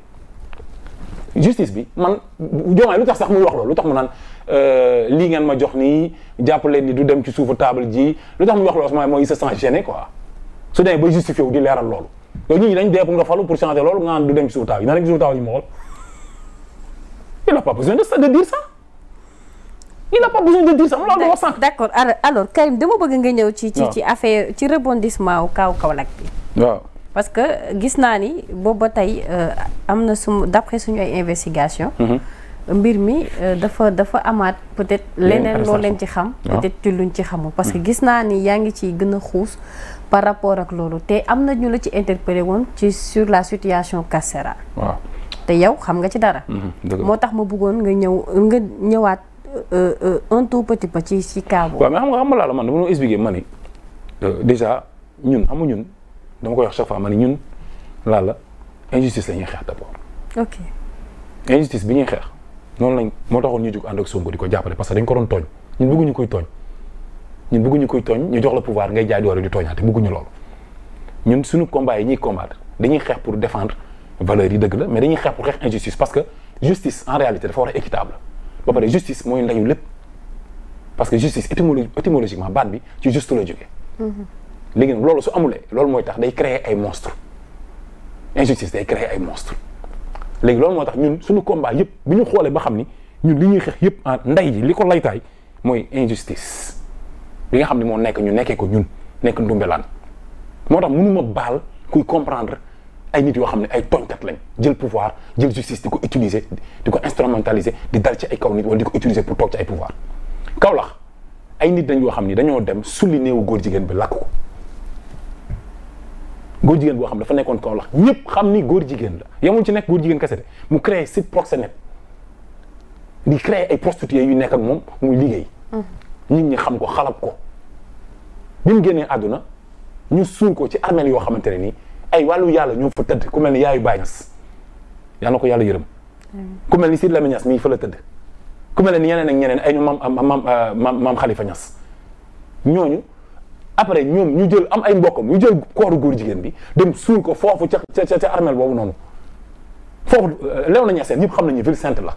justice bi man Diomaye lu tax sax mu wax loolu lu tax mu naan euh, lii ngeen ma jox nii jàpp leen ni du dem ci suufu table ji lu tax muy wax loolu mooy il se sent gêné quoi su demee ba justifié wu di leeral loolu. yow nit ñi dañ dee nga falu pour changer loolu nga du dem ci suufu table yi na dem ci suufu table yi mu xool il n'a pas besoin de ça de dire il n'a pas besoin de dire ça mu la doon wax d'accord alors Karim dama bëgg nga ñëw ci ci ci rebondissement wu kaw Kaolack bi. parce que gis naa ni boobu ba tey euh, am na sum d'après suñu ay investigation mhm. mbir mi euh, dafa dafa amaat peut-être leneen loo leen ci xam peut-être ci luñ ci xamul parce que mhm. gis naa ni yaa ngi ciy gën a xuus par rapport ak loolu te am na ñu la ci interpellé woon ci sur la situation carcérale te yow xam nga ci dara mhm, moo tax ma bëggoon nga ñëw nga ñëwaat Euh, euh, un tout petit peu ci ci cas boobu. waaw xam nga xam nga laala man dama doon expliquer ma ni euh, déjà ñun xam ñun dama koy wax chaque fois ma ni ñun laala injustice la ñuy xeex d'abord. ok injustice bi ñuy xeex noonu lañ moo taxoon ñu jug ànd ak Sonko di ko jàppale parce que dañ ko doon tooñ ñun bëgguñu koy tooñ ñun bëgguñu koy tooñ ñu jox la pouvoir ngay jaay doole di tooñaate bëgguñu loolu ñun suñu combat yi ñuy combattre dañuy xeex pour défendre valeurs yi dëgg la mais dañuy xeex pour xeex injustice parce que justice en réalité dafa war a ba pare justice mooy ndayu lépp parce que justice étymologie étymologiquement baat bi ci juste la jógee. Mm-hmm. léegi nag loolu su amulee loolu mooy tax day créer ay monstre injustice day créer ay monstre léegi loolu moo tax ñun suñu combat yëpp bu ñu xoolee ba xam ni ñun li ñuy xeex yëpp en nday ji li ko laytaay mooy injustice bi nga xam ne moo nekk ñu nekkee ko ñun nekk ndumbelaan moo tax mënuma baal kuy comprendre ay nit yoo xam ne ay tooñkat lañ jël pouvoir jël justice di ko utiliser di ko instrumentaliser di dal ci ay kaw nit wala di ko utiliser pour toog ci ay pouvoir Kaolack ay nit dañ yoo xam ni dañoo dem sulli néewu góor jigéen bi lakk ko jigéen boo xam dafa nekkoon Kaolack ñëpp xam ni góor jigéen la yamul ci nekk góor jigéen kese de mu créé site proxénète di créé ay prostituées yu nekk ak moom muy liggéey. Mm. nit ñi xam ko xalab ko bi mu génnee àdduna ñu ko ci armeel yoo xamante ne nii. ay wàllu yàlla ñoo fa tëdd ku mel ni yaayu Baay Ñas yal na ko yàlla yërëm ku mel ni Sidi Lamine Ñas mi ngi fa la tëdd ku mel ni ñeneen ak ñeneen ay ñu maam maam maam Xalifa Ñas ñooñu après ñoom ñu jël am ay mbokkam ñu jël kooru góor jigéen bi dem suul ko foofu ca ca ca armel boobu noonu foofu lew na ñaseen ñëpp xam nañu ville sainte la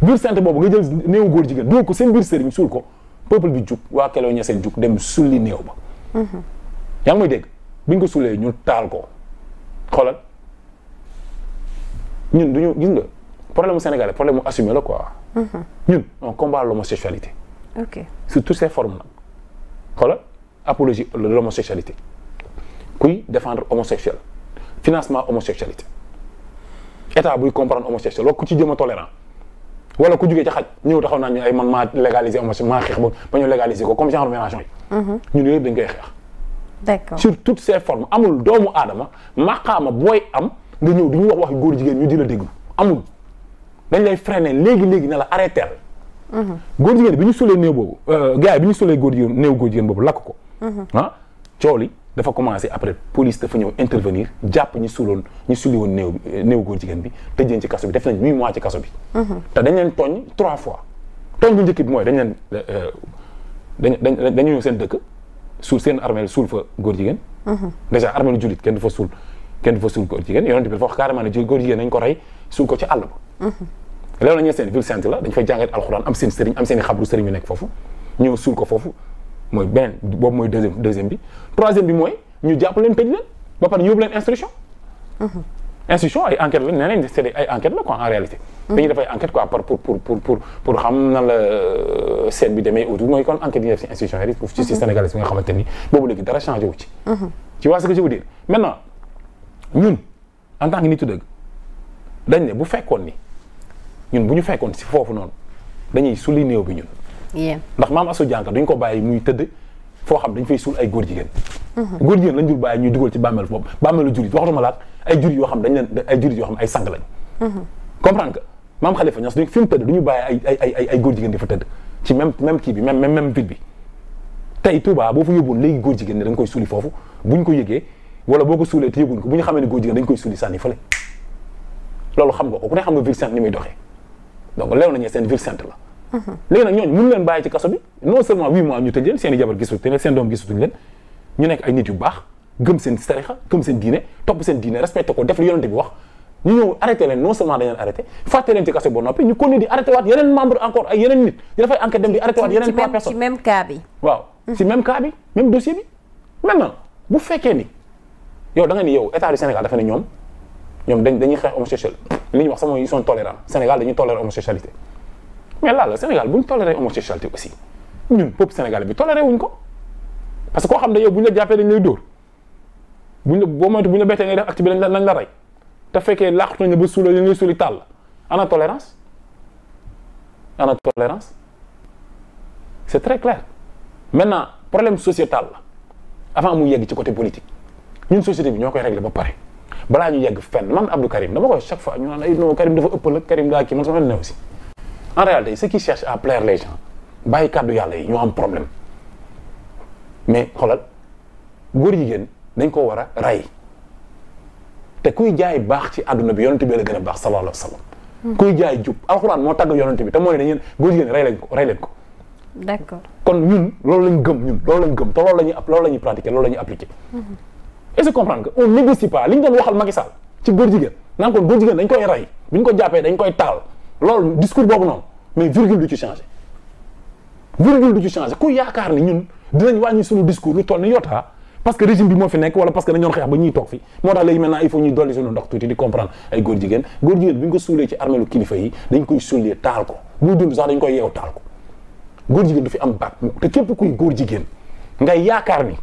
ville sainte boobu nga jël néew góor jigéen doo ko seen biir sëriñ suul ko peuple bi jug waa kelew ñaseen juk dem sulli néew ba mm-hmm. yaa ngi may dégg bi ñu ko suulee ñu taal ko xoolal ñun du ñu gis nga problème mu problème assumé la quoi. Mhm. ñun on combat l'homosexualité ok sous toutes ses formes nag xoolal apologie de l'homosexualité kuy défendre homosexuel financement homosexualité eta buy comprendre homosexuel wala ku ci jëm a tolérant wala ku jugee ci xaj ñëw taxaw naa ñu ay man maa légaliser homosexuel maa xeex ba ba ñu légaliser ko comme genre mélange yi. Mhm. ñun yooyu dañ koy xeex. d'accord sur toutes ces formes amul doomu aadama maqaama booy am nga ñëw di ñu wax waxi góor jigéen ñu di la déglu amul dañ lay ne léegi léegi ne la arrêté goor mhm. góor jigéen bi ñu sulee néew boobu euh, gars bi ñu sulee góor jigéen néew boobu lakk ko. Mhm. ah coow li dafa commencé après police dafa ñëw intervenir jàpp ñu suloon ñu suli woon néew euh, néew jigéen bi te jën ci kaso bi def nañ huit mois ci kaso bi. Mhm. te dañ leen tooñ trois fois tooñ bu njëkk bi mooy dañ leen euh, dañ dañ dañu ñëw seen dëkk. suul seen armeel suul fa góor jigéen mhm. dèjà armeelu jullit kenn du fa suul kenn du fa suul góor jigéen yonent bi dafa wax carrément ne ba mhm. léegi dañ fay seen am seen i xabru sëriñ nekk foofu ñëw suul ko foofu mooy beneen boobu mooy deuxième deuxième bi troisième bi mooy ñu jàpp leen tëj leen ba pare yóbbu leen instruction mhm. instruction ay enquête la nee nañ c'est ay enquête la quoi en réalité mm-hmm. dañuy def ay enquête quoi par pour xam na la euh, seet bi demee autou mooy kon enquête yi def si institution yi pour justice mm-hmm. sénégalaise bi nga xamante ni boobu mm-hmm. bu fekkoon ni ñun bu ñu fekkoon si foofu noonu dañuy suli néew bi ñun ndax maam asu jànka duñ ko bàyyi muy tëdd foo xam dañ fay suul ay góor góor jigéen lañ jur bàyyi ñuy dugal ci bàmmeelu bopp bàmmeelu jur yi waxatuma laat ay jur yoo xam dañ leen ñu bàyyi ay ay ay ay góor jigéen di fa tëdd ci même même kii bi même même même ville bi dañ koy suuli foofu buñ ko yëgee wala boo ko suulee te yëguñ ko bu ñu xamee ne góor jigéen dañ koy suuli sànni fële loolu xam nga ko ku ne xam nga ville sainte ni muy doxee donc leew nañu seen ville sainte la mhm. léegi nag ñooñu mën leen bàyyi ci kaso bi non seulement huit mois ñu tëj seen i jabar gisutuñ seen doom gisutuñ leen ñu nekk ay nit yu baax gëm seen tarixa gëm seen diine topp seen diine respecté ko def li yonente bi wax ñu ñëw arrêté leen non seulement dañ leen arrêté fàtte leen ci kaso ba noppi ay yeneen nit ñu dafay bi waaw ci bu fekkee ni yow da ni yow état du Sénégal dafa ne ñoom ñoom dañ dañuy xeex homosexuel li ñuy wax sama ils sont tolérants Sénégal dañuy tolérer homosexualité mais là bu ñu toléré homosexualité aussi ñun peuple sénégalais bi toléré wuñ ko parce que koo xam ne yow bu ñu la jàppee dañ bu ñu la boo moytu bu ñu la bettee ngay def acte bi nañ la rey te fekkee laaxut nañ la ba suula li ngay suuli tàll ana tolérance ana tolérance c'est très clair maintenant problème sociétal la avant mu yegg ci côté politique ñun société bi ñoo koy régler ba pare balaa ñu yegg fenn man Abdou Karim dama koy chaque fois ñu naan Karim dafa ëppal ak Karim daa kii man sama ne aussi en réalité ceux qui cherchent à plaire les gens bàyyi kàddu yàlla yi ñoo am problème mais xoolal góor jigéen dañ koo war a rey te kuy jaay baax ci àdduna bi yonent bi la gën a baax sallallahu alayhi wa sallam hmm. kuy jaay jub alxuraan moo tàgg yonent bi te moo ne dañu góor jigéen rey leen ko rey leen ko d'accord kon ñun loolu lañ gëm ñun lool lañ gëm te loolu lañuy loolu la ñuy pratiquer loolu la ñuy appliquer hmm. est-ce que comprendre que on négocie pas li ñu doon waxal Macky Sall ci góor jigéen naan kon góor jigéen dañ koy rey bi ñu ko jàppee dañ koy taal loolu discours boobu noonu mais virgule du ci changé virgule changé ku yaakaar ni ñun dinañ wàññi suñu discours lu toll ni yotaa parce que régime bi moo fi nekk wala parce que dañoon xeex ba ñuy toog fi moo tax léegi maintenant il faut ñuy dolli suñu ndox tuuti di comprendre ay góor jigéen góor jigéen bu ñu ko suulee ci armeelu kilifa yi dañ koy suulee taal ko buy dund sax dañ koy yeew taal ko góor jigéen du fi am baat te képp kuy goor jigéen ngay yaakaar ni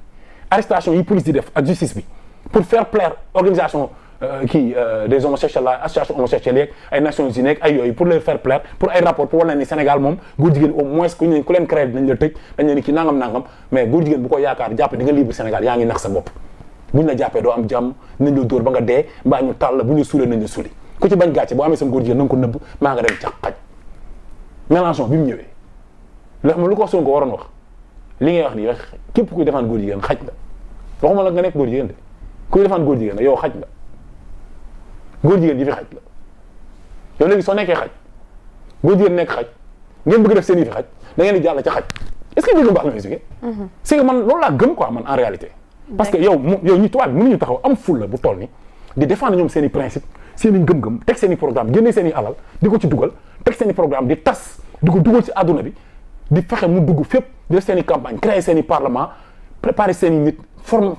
arrestation yi police di def ak justice bi pour faire plaire organisation Euh, kii euh, des homosexuels la ay Nations Unies ay yooyu pour les faire plaire pour ay rapport pour wane ni Sénégal moom góor jigéen au moins ku ñu ku leen créé dinañ la tëj kii nangam nangam mais góor jigéen bu ko yaakaar jàpp di nga libre Sénégal yaa ngi nax bopp bu ñu la jàppee doo am jàmm nañ la dóor ba nga dee mbaa ñu tàll bu ñu suulee nañ la suuli ku ci bañ gàcce boo amee sam góor jigéen na nga ko maa nga dem mu ñëwee loo xam lu ko Sonko waroon wax li ngay wax nii képp kuy defaan góor jigéen xaj la waxuma la nga nekk góor jigéen de kuy defaan góor jigéen yow xaj la góor jigéen ji fi xaj la yow léegi soo nekkee xaj góor jigéen nekk xaj ngeen bëgg def seen yi fi xaj da di jàll ca xaj est-ce que dégg nga baax la ma expliqué mhm. c'est man loolu a gëm ko man en réalité parce que yow yow ñu tubaab bi mënuñu taxaw am ful la bu toll ni di défendre ñoom seeni i principe seen i ngëm-ngëm seen i programme génne seen i alal di ko ci dugal teg seen i programme di tas di ko dugal ci àdduna bi di fexe mu dugg fépp di def seen i campagne créer seeni i parlement préparer seen nit forme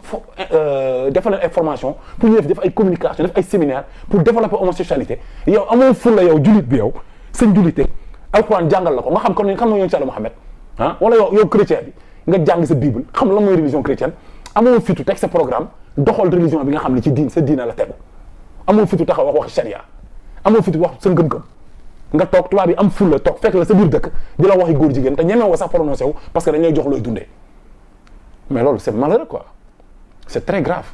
euh, defal leen ay formation pour ñu def def ay communication def ay séminaire pour développer homosexualité yow amoo fulla yow julit bi yow seen julite alxuraan jàngal la ko nga xam kon kan mooy yoon Yàlla Muhammad ah wala yow yow chrétien bi nga jàng sa bible xam lan mooy religion chrétienne amoo fitu teg sa programme doxal religion bi nga xam ne ci diin sa diina la tegu amoo fitu taxaw wax wax sharia amoo fitu wax sa ngëm-ngëm nga toog tubaab bi am fulla toog fekk la sa biir dëkk di la waxi góor jigéen te ñemee woo sax prononcé wu parce que dañ lay jox looy dundee mais loolu c' est malheureux quoi c' est très grave.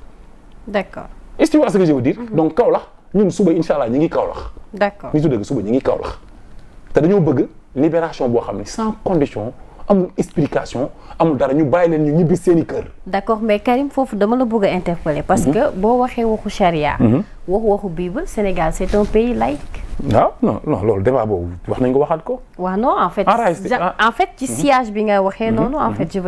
d' accord est ce que tu vois dire. donc Kaolack ñun suba incha allah ñu ngi Kaolack. d' accord ñu tuddee suba ñu ngi Kaolack te dañoo bëgg libération boo xam ne sans condition. amul explication amul dara ñu bàyyi leen ñu ñibbi seeni kër. d'accord mais Karim foofu dama la bëgg a interpeller parce que mhm. boo waxee waxu charia. Mhm. waxu waxu bible Sénégal c'est un pays laïque. waaw ah, non non loolu débat boobu wax nañ ko waxaat ko. waa no en fait. Ah. en fait ci mhm. sillage bi nga waxee noonu. en fait je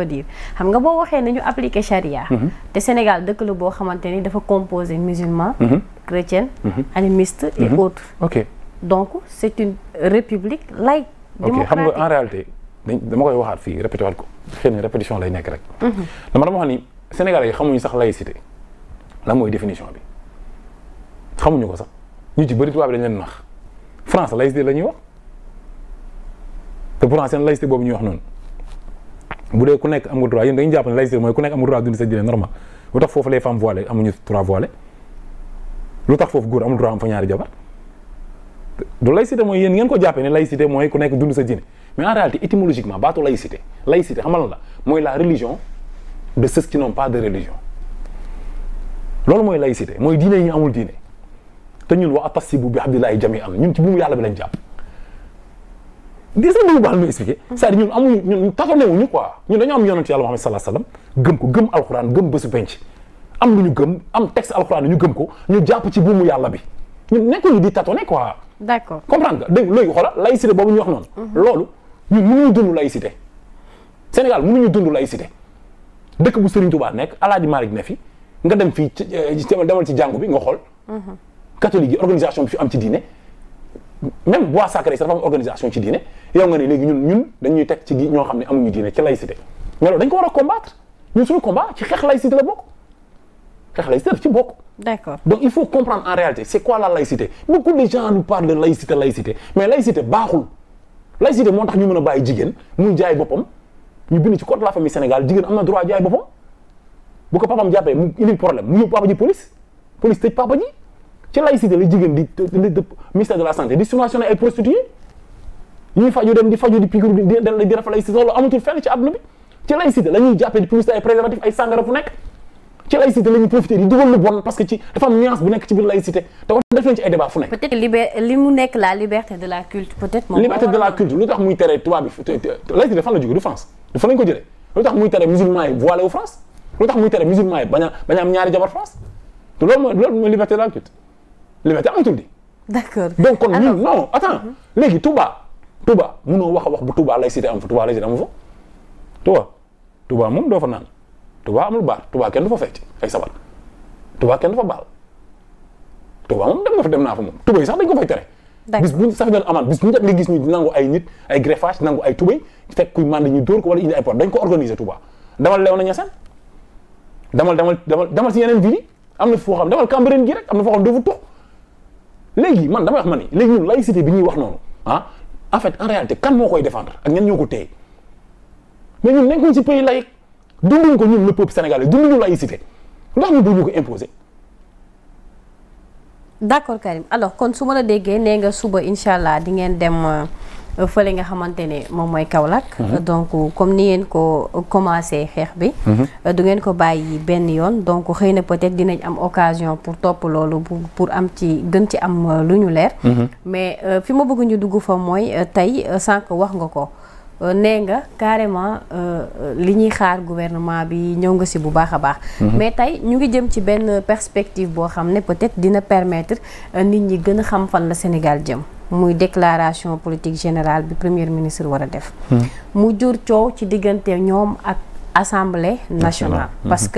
xam nga boo waxee nañu appliquer charia. te Sénégal dëkk la boo xamante ni dafa composé musulman. chrétien animiste et autres. ok donc c'est une république laïque. démocratique ok dañ dama koy waxaat fii répété waat ko xëy na répétition lay nekk rek. Mhm. dama dama wax ni Sénégalais yi xamuñu sax laïcité lan mooy définition bi xamuñu ko sax ñu ci bari tubaab bi dañ leen nax France la ñuy wax te pourtant seen ñuy wax noonu bu dee ku nekk am nga droit yéen dañuy jàpp ne laïcité mooy ku nekk am nga droit dund sa diine normal lu tax foofu les femmes voilées lu tax foofu góor amul ñaari jabar du laïcité mooy yéen ngeen ko jàppee ne laïcité mooy ku nekk dund sa diine. mais en réalité étymologiquement baatu laïcité laïcité xamal la mooy la religion de ceux qui n'ont pas de religion loolu mooy laïcité mooy diine yi ñu amul diine te ñun wa atasibu bi abdillahi jami'an ñun ci buumu yàlla bi lañ jàpp. di seen bu baax la ñuy expliqué. c'est-à-dire ñun amuñu ñun tatonewuñu quoi ñun dañoo am yonent yàlla Muhammad sallallahu alayhi wasallam gëm ko gëm alxuraan gëm bésu penc am lu ñu gëm am texte alxuraan ñu gëm ko ñu jàpp ci buumu yàlla bi ñun nekkuñu di tatonné quoi. d'accord comprendre nga dégg nga léegi xoolal laïcité boobu ñu noonu. Mhm. loolu ñun mënuñu dund laïcité Sénégal mënuñu dund laïcité dëkk bu Serigne Touba nekk El Hadj Malick ne fi nga dem fii eh, demal ci jàngu bi nga xool. Mhm. catholique yi organisation bi fi am ci diine. même bois sacré sax dafa am organisation ci diine yow nga ne léegi ñun ñun dañuy teg ci ñoo xam ne amuñu diine ci laïcité mais loolu dañ ko war a combattre ñun suñu combat ci xeex laïcité la bokk xeex laïcité daf ci bokk. d'accord donc il faut comprendre en réalité c'est quoi la laïcité beaucoup de gens nous baaxul. laïcité moo tax ñu mën a bàyyi jigéen muy jaay boppam ñu bind ci code la famille Sénégal jigéen am na droit jaay boppam bu ko papam jàppee mu indi problème mu yóbbu papa police police tëj papa ji ci laïcité la jigéen di ministère de la santé di subventionné ay prostituées ñuy faju dem di faju di piqûre di di rafetlu laïcité loolu amatul fenn ci àdduna bi ci laïcité la ñuy jàppee di publicité ay préservatif ay sàngara fu nekk. ci laïcité la ñuy profité di dugal lu bon parce que ci dafa am nuance bu nekk ci biir laïcité te war def ci ay débat li mu nekk la liberté de la culte liberté de la culte lu tax muy tere tubaab bi fan la jógee du France du fa ko jëlee lu tax muy tere musulman yi voilé wu France lu tax muy tere musulman yi bañ a a am ñaari jabar France te loolu mooy loolu mooy liberté de la culte liberté amatul di. d'accord donc kon léegi Touba Touba munoo wax a wax bu Touba laïcité am fa Touba laïcité amu fa Touba Touba moom doo fa naan Touba amul baar Touba kenn du fa fecc ak sabar Touba kenn du fa baal Touba moom dem nga fa dem naa fa moom Touba yi sax dañ ko fay tere. bis bu sax doon amaat bis bu ñu nga gis ñu nangu ay nit ay greffage nangu ay tubéy fekk kuy mànd ñu dóor ko wala indi ay porte dañ ko organiser Touba damal lew na ñaseen damal damal damal damal si yeneen ville am na foo xam damal Cambérène gi rek am na foo xam doofu tux léegi man dama wax ma ni léegi ñun laïcité bi ñuy wax noonu ah en fait en kan moo koy défendre ak ñan ñoo ko téye mais ñun nekkuñ ci pays laïque dunduñ ko ñun le peuple sénégalais dunduñu laïcité ndax ñu bëgg ñu ko imposer. d'accord Karim alors kon su ma la déggee nee nga suba incha allah di ngeen dem. Euh, fële nga xamante ne moom mooy Kaolack. Mhm. Euh, donc comme ni ngeen ko euh, commencé xeex bi. Mhm. du ngeen ko bàyyi benn yoon donc xëy na peut-être dinañ am occasion pour topp loolu pour am ci gën ci am lu ñu leer. Mhm. mais fi ma bëgg ñu dugg fa mooy tey sànq wax nga ko. Euh, nee nga carrément euh, euh, li ñuy xaar gouvernement bi ñëw nga si bu baax a baax. Mhm. mais tey ñu ngi jëm ci benn perspective boo xam ne peut-être dina permettre nit ñi gën a xam fan la Sénégal jëm muy déclaration politique générale bi premier ministre war a def. Mhm. mu jur coow ci diggante ñoom ak assemblée nationale. Mhm. parce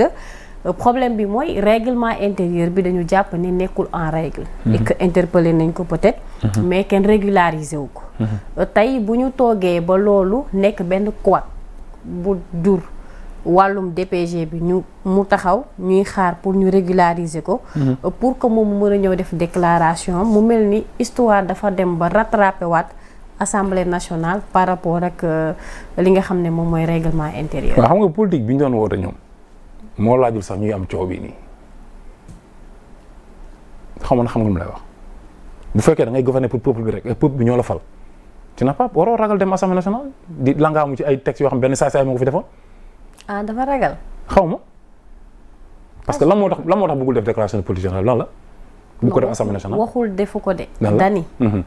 problème bi mooy réglement intérieur bi dañu jàpp ni nekkul en règle mhm. et que interpellé nañ ko peut-être mhm. mais kenn régularisé wu ko mhm. tey bu ñu toogee ba loolu nekk benn quoi bu jur wàllum DPG bi ñu mu taxaw ñuy xaar pour ñu régulariser ko pour que moom mu mën a ñëw def déclaration mu mel ni histoire dafa dem ba rattrapé waat assemblée nationale par rapport ak euh, li nga xam ne moom mooy règlement intérieur waaw xam nga politique bi ñu doon woote ñoom moo laajul sax ñuy am coow yi nii xaw ma xam nga mu lay wax bu fekkee da ngay gouverner pour peuple bi rek eh, peuple bi ñoo la fal ci na pas waroo ragal dem assemblée nationale di langaamu ci ay textes yoo xam benn saay saay moo ko fi defoon. ah dafa ragal. xaw ma parce que ah, la moo tax la moo tax bëggul def déclaration de politique générale lan la. bu ko def assemblée nationale waxul defu ko de. dani mhm.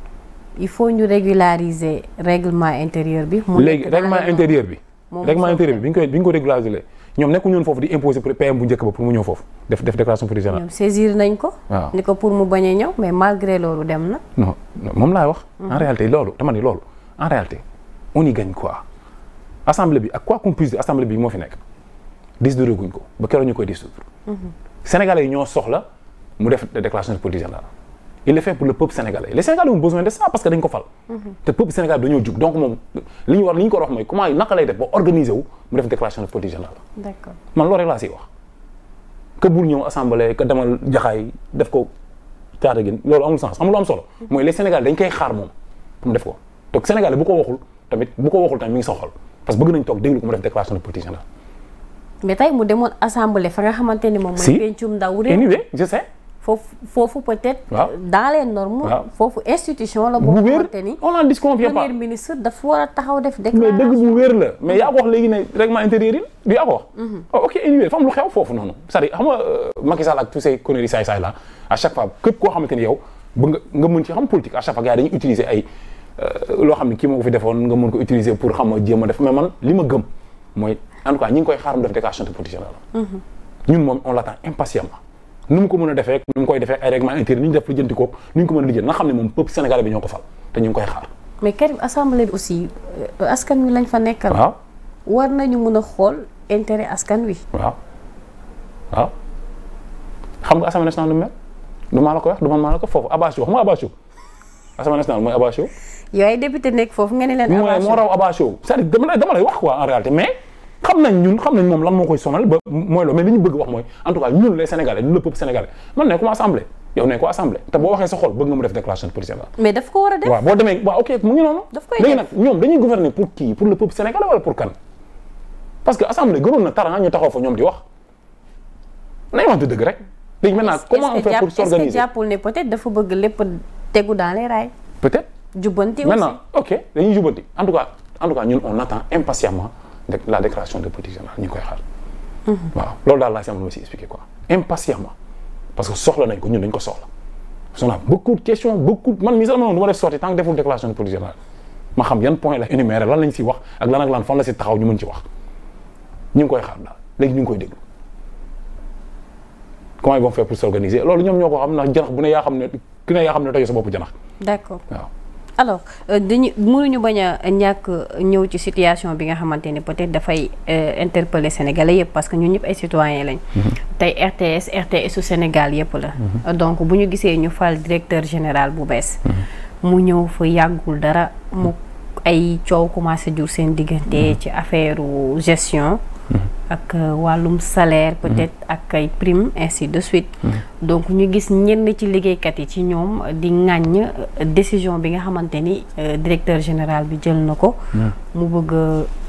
il faut ñu régulariser règlement intérieur bi. mu léegi règlement intérieur bi. règlement intérieur bi bi ñu koy bi ñu ko régulariser ñoom nekkuñu woon foofu di imposer PM bu njëkk ba pour mu ñëw foofu def def déclaration présidentielle. ñoom nañ ko. ni ko pour mu bañ ñëw mais malgré loolu dem na. non moom laay wax. Mm. en réalité loolu dama ne loolu en réalité on y gagne quoi. assemblée bi ak quoi qu'on puisse dire assemblée bi moo fi nekk dissoudre guñ ko ba keroog ñu koy dissoudre. Mm-hmm. Sénégalais yi ñoo soxla mu def déclaration politique générale il le fait pour le peuple sénégalais les sénégalais ont besoin de ça parce que dañ ko fal. te peuple sénégalais dañoo jug donc moom li ñu war ko wax mooy comment naka lay def ba organiser mu def déclaration de jaxaay def ko caata gi loolu amul sens amul am solo. mooy les sénégalais dañ koy xaar moom pour mu bu ko waxul tamit bu ko waxul tamit mi ngi soxal parce que bëgg nañ toog déglu ko mu def déclaration de politique générale. mais mu demoon assemblée fa nga xamante ni moom. si mooy pencum ndaw réew foofu foofu peut-être. waaw dans foofu institution la. bu wér on n'en disconvient la mais yaa ko wax fa mhm. oh, am lu xew foofu noonu. c'est-à-dire xam nga euh, Macky Sall ak tous ni yow ba nga nga mën ci xam politique à chaque fois gars dañuy utiliser ay euh, loo xam ne kii moo pour xam nga jéem a def mais man li ma gëm mooy en tout cas ñi koy xaar mu def déclaration de politique générale. Mhm. ñun moom on l'attend impatiemment nu mu ko mën a defee nu mu koy defee ay règlement intérieur ni ñu def lijjanti ko nu ñu ko mën a lijjanti nga xam ne moom peuple sénégalais bi ñoo ko fal te ñu ngi koy xaar. mais Karim assemblée bi euh, askan wi lañ fa nekkal. waaw war nañu mën a xool intérêt askan wi. waaw waaw xam nga assemblée nationale lu mel du maa la ko wax du man maa la ko foofu Abass Ndiob xam nga Abass Ndiob assemblée nationale mooy Abass Ndiob. yooyu député nekk foofu nga ne leen. Abass Ndiob moo raw Abass Ndiob cest à dama lay wax quoi en réalité mais. xam nañ ñun xam nañ moom lan moo koy sonal ba mooy loolu mais li ñu bëgg wax mooy en ñun les sénégalais ñun peuple sénégalais man ne ko assemblée yow ne ko assemblée te boo waxee sa xol bëgg nga mu def déclaration de politique la. mais daf ko war a def waaw boo demee waaw ok mu ngi noonu. daf koy def léegi nag ñoom dañuy na tara ñu taxaw fa ñoom di wax nañu dëgg rek. léegi maintenant comment on fait pour s'organiser est ce que jàppul lépp tegu dans les rails. peut être jubbanti aussi maintenant ok en tout cas en tout cas ñun on attend impatiemment la déclaration de politique générale ñu ngi koy xaar. Mhm. waaw loolu daal laa si am lu ma si expliquer quoi impatiemment parce que soxla nañ ko ñun dañ ko soxla. parce que on a beaucoup de questions beaucoup man mii sax ma ne du ma def sortie tant que deful déclaration de politique générale ma xam yan point la énuméré lan lañ si wax ak lan ak lan fan la si taxaw ñu mën ci wax ñu ngi koy xaar daal léegi ñu ngi koy déglu. comment ils vont faire pour s'organiser loolu ñoom ñoo ko xam ndax bu ne yaa xam ne ku xam ne tojee sa bopp janax. d'accord waaw. alors euh, dañu mënuñu bañ a ñàkk ñëw ci situation bi nga xamante ni peut-être dafay euh, interpeller sénégalais yëpp parce que ñun ñëpp ay citoyens lañ. Mhm. tey RTS RTS su Sénégal yëpp la. Mhm. donc bu ñu gisee ñu fal directeur général bu bees. Mhm. mu ñëw fu yàggul dara mu ay coow commencé jur seen diggante ci affaire gestion. ak euh, wàllum salaire mhm. peut-être ak ay prime ainsi de suite mhm. donc ñu gis ñenn ci liggéeykat yi ci ñoom di ŋàññ euh, décision bi nga xamante ni euh, directeur général bi jël na ko mu bëgg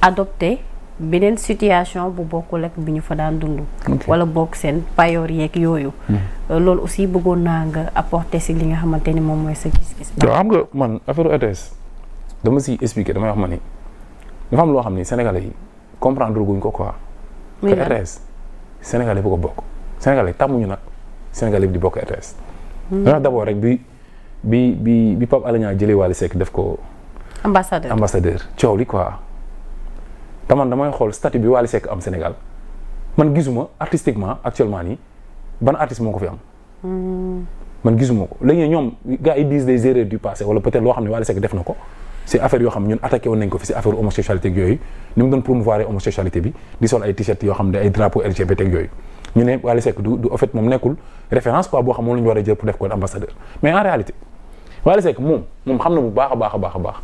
adopter beneen situation bu bokkul ak bi ñu fa daan dund wala bokk seen payoor yeeg yooyu mhm. loolu aussi bëggoon naa nga apporter si li nga xamante ni moom mooy sa gis-gis waaw xam nga man affaire ETS dama si expliquer damay wax ma ni dafa am loo xam ni sénégalais yi comprendre guñ ko quoi. que RTS Sénégal yëpp ko bokk Sénégal yi tàmmuñu nag Sénégal yëpp di bokk RTS. ndax hmm. d' abord rek bi bi bi bi Pape Alé Niang jëlee Wally Seck def ko. ambassadeur ambassadeur coow li quoi. te man damay xool statut bi Wally Seck am Sénégal man gisuma artistiquement actuellement nii ban artiste moo ko fi am. Hmm. man gisuma ko léegi ñoom gars yi disent des erreurs du passé wala peut loo xam ne Wally def na ko. si affaire yoo xam ñun attaqué woon nañ ko fi si affaire homosexualité ak yooyu ni mu doon promouvoir homosexualité bi di sol ay t-shirt yoo xam ne ay drapeau LGBT ak yooyu ñu ne Wally Seck du du en moom nekkul référence quoi boo xam moom la war a jël pour def ko ambassadeur mais en réalité Wally Seck moom moom xam na bu baax a baax a baax a baax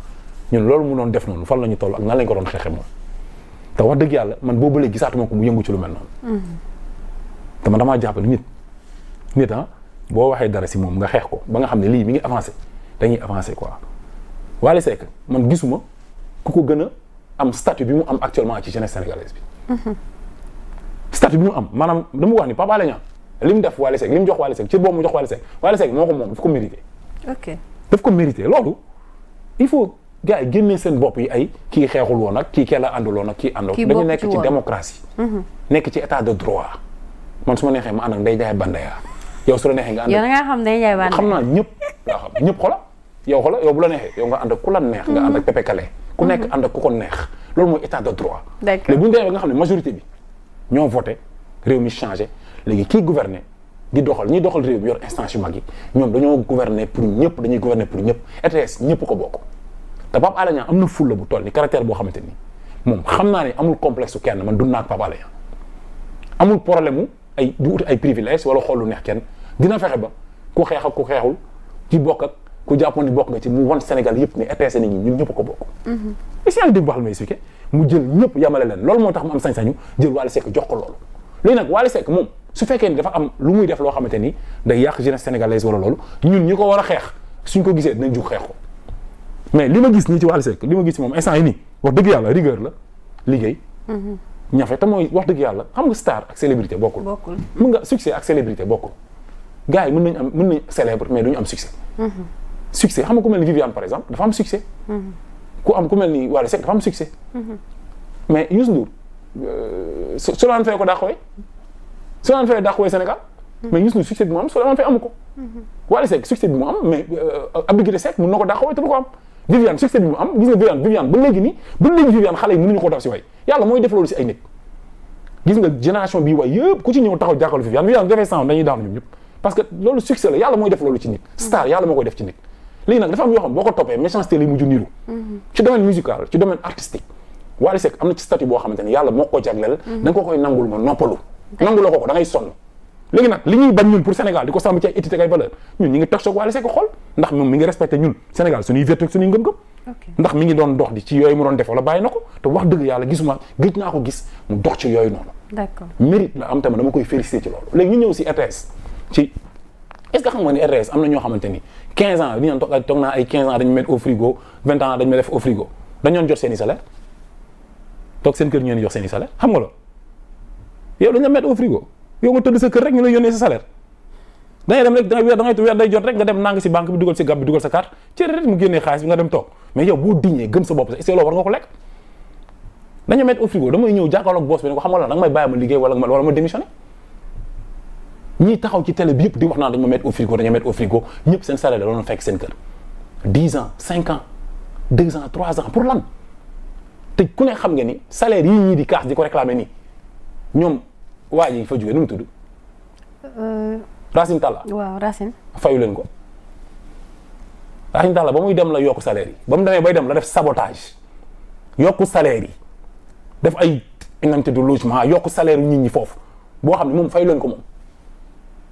ñun loolu mu doon def noonu fan la ñu toll ak nan lañ ko doon xeexe moom te wax dëgg yàlla man boobu léegi gisaatuma ko mu yëngu ci lu mel noonu mm-hmm. te man damaa jàpp ah, boo waxee dara si moom nga xeex ko ba nga xam ne lii mi ngi avancé dañuy avancé quoi Wally Seck man gisuma ku ko gën am statut bi mu am actuellement ci jeunesse sénégalaise bi. Mhm. statut bi mu am maanaam dama wax ni Pape Alé Niang li mu def Wally Seck li mu jox Wally Seck ci boobu mu jox Wally Seck Wally Seck moo ko moom daf ko mérité. ok daf ko mérité loolu il faut gars yi génnee seen bopp yi ay kii xeexul woon ak kii kenn la àndul woon ak kii àndoo. dañu nekk ci démocratie. Mhm. nekk ci état de droit. man su ma neexee ma ànd ak Ndeye Ndiaye Bandaya yow su la neexee nga ànd. xam naa ñëpp. daa xam yow xoolal la neexee yow nga ànd ku la neex. nga ànd ak mhm. pepe ku nekk mhm. ànd ak ku ko neex. loolu mooy état de droit. d'accord bu ñu demee ba nga xam ne majorité bi ñoo voté réew mi changé léegi kii gouverner di doxal ñi doxal réew mi yor instance yu mag yi ñoom dañoo gouverner pour ñëpp dañuy gouverner pour ñëpp RTS e ñëpp ko bokk. te Pape Alé Niang am na fulla bu toll ni caractère boo xamante ni moom xam naa ne amul complexe kenn man dund naa ak Pape amul problème mu ay di ut ay wala xool lu neex kenn dina fexe ba ku xeex ak ku xeexul ci bokk ku jàppoon ni bokk nga ci mu wan Sénégal yëpp ne RTS nit ñi ñun ñëpp ko bokk. Mhm. est-ce mu jël ñëpp yamale leen loolu moo tax mu am sañ-sañu jël Wally Seck jox ko loolu. ni dafa am lu muy def loo xamante ni day yàq ñun ñi ko war a xeex suñ ko gisee dinañ jug xeex ko mais li ma gis nii ci Wally Seck li ma gis moom instant yi nii wax dëgg yàlla rigueur la liggéey. Mhm. ñafe te mooy wax dëgg yàlla xam nga star ak célébrité bokkul. bokkul mën nga succès ak célébrité bokkul gars yi mën nañ am mën nañ célèbre am succès mhm. succès xam mel ni Viviane par dafa am succès. Mm-hmm. Mm-hmm. mais Youssou Ndour euh, Souleyman Faye ko daa xooy Souleyman Faye daa xooy Sénégal. Mm-hmm. mais Youssou Ndour succès bi mu am Souleyman Faye amu ko. Wally Seck succès bi mu mais euh, Abdou Guité Seck mën na ko daa xooy te du ko am. Viviane succès bi mu am gis nga Viviane Viviane ba léegi nii ba léegi Viviane xale yi ko daf si way yàlla mooy def loolu si nit. gis nga génération bii way yëpp ku ci ñëw taxaw jàkkaarloo Viviane Viviane defee sens dañuy daanu ñoom ñëpp parce que loolu succès la yàlla mooy def loolu léegi nag dafa am yoo xam boo ko toppee méchanceté lay mujj niru mhm. ci domaine musical ci domaine artistique Wally am na ci statut boo xamante ne yàlla moo ko jagleel mhm. da nga ko koy nangul ma noppalu nanguloo ko ko da ngay léegi nag li ñuy bañ ñun pour Sénégal di ko sàmm ci ay éthique ay valeur ñun ñi ngi toj soog Wally Seck xool ndax moom mi ngi respecté ñun Sénégal suñuy vertu suñuy ngëm-ngëm ndax mi ngi doon dox di ci yooyu mu doon def wala bàyyi na ko te wax dëgg yàlla gisuma gëj naa ko gis mu dox ci yooyu koy félicité ci loolu léegi ñu ñëw si xam nga ni RTS am na ñoo xamante ni 15 ans dañu naan toog naa ay 15 ans dañu mettre au frigo 20 ans dañu ma au frigo dañu jot seen salaire toog seen kër ñu leen jox sa kër salaire da dem rek da weer day jot rek nga dem nang si banque bi dugal si gab bi dugal sa carte ci rek mu génnee xaalis bi nga dem toog mais yow boo diñee gëm sa bopp est-ce que war nga ko lekk dañu mettre au frigo damay ñëw jàkkaarloog boss bi ne ko xam nga loolu da nga may bàyyi ma liggéey wala ma démissionner ñii taxaw ci télé bi yëpp di wax naan dañu ma mettre au frigo dañu ma mettre au frigo ñëpp seen salaire la doon fekk seen kër dix ans cinq ans deux ans trois ans pour lan te ku ne xam nga ni salaire yii ñii di kaas di ko réclamer ni ñoom waa yi fa jógee nu mu tudd. Euh, Racine Talla. waaw Racine. fayu leen ko Racine Talla ba muy dem la yokk salaire yi ba mu demee bay dem la def sabotage yokku salaire yi def ay indemnité de logement yokku salaire nit ñi foofu boo xam ne moom fayu leen ko moom.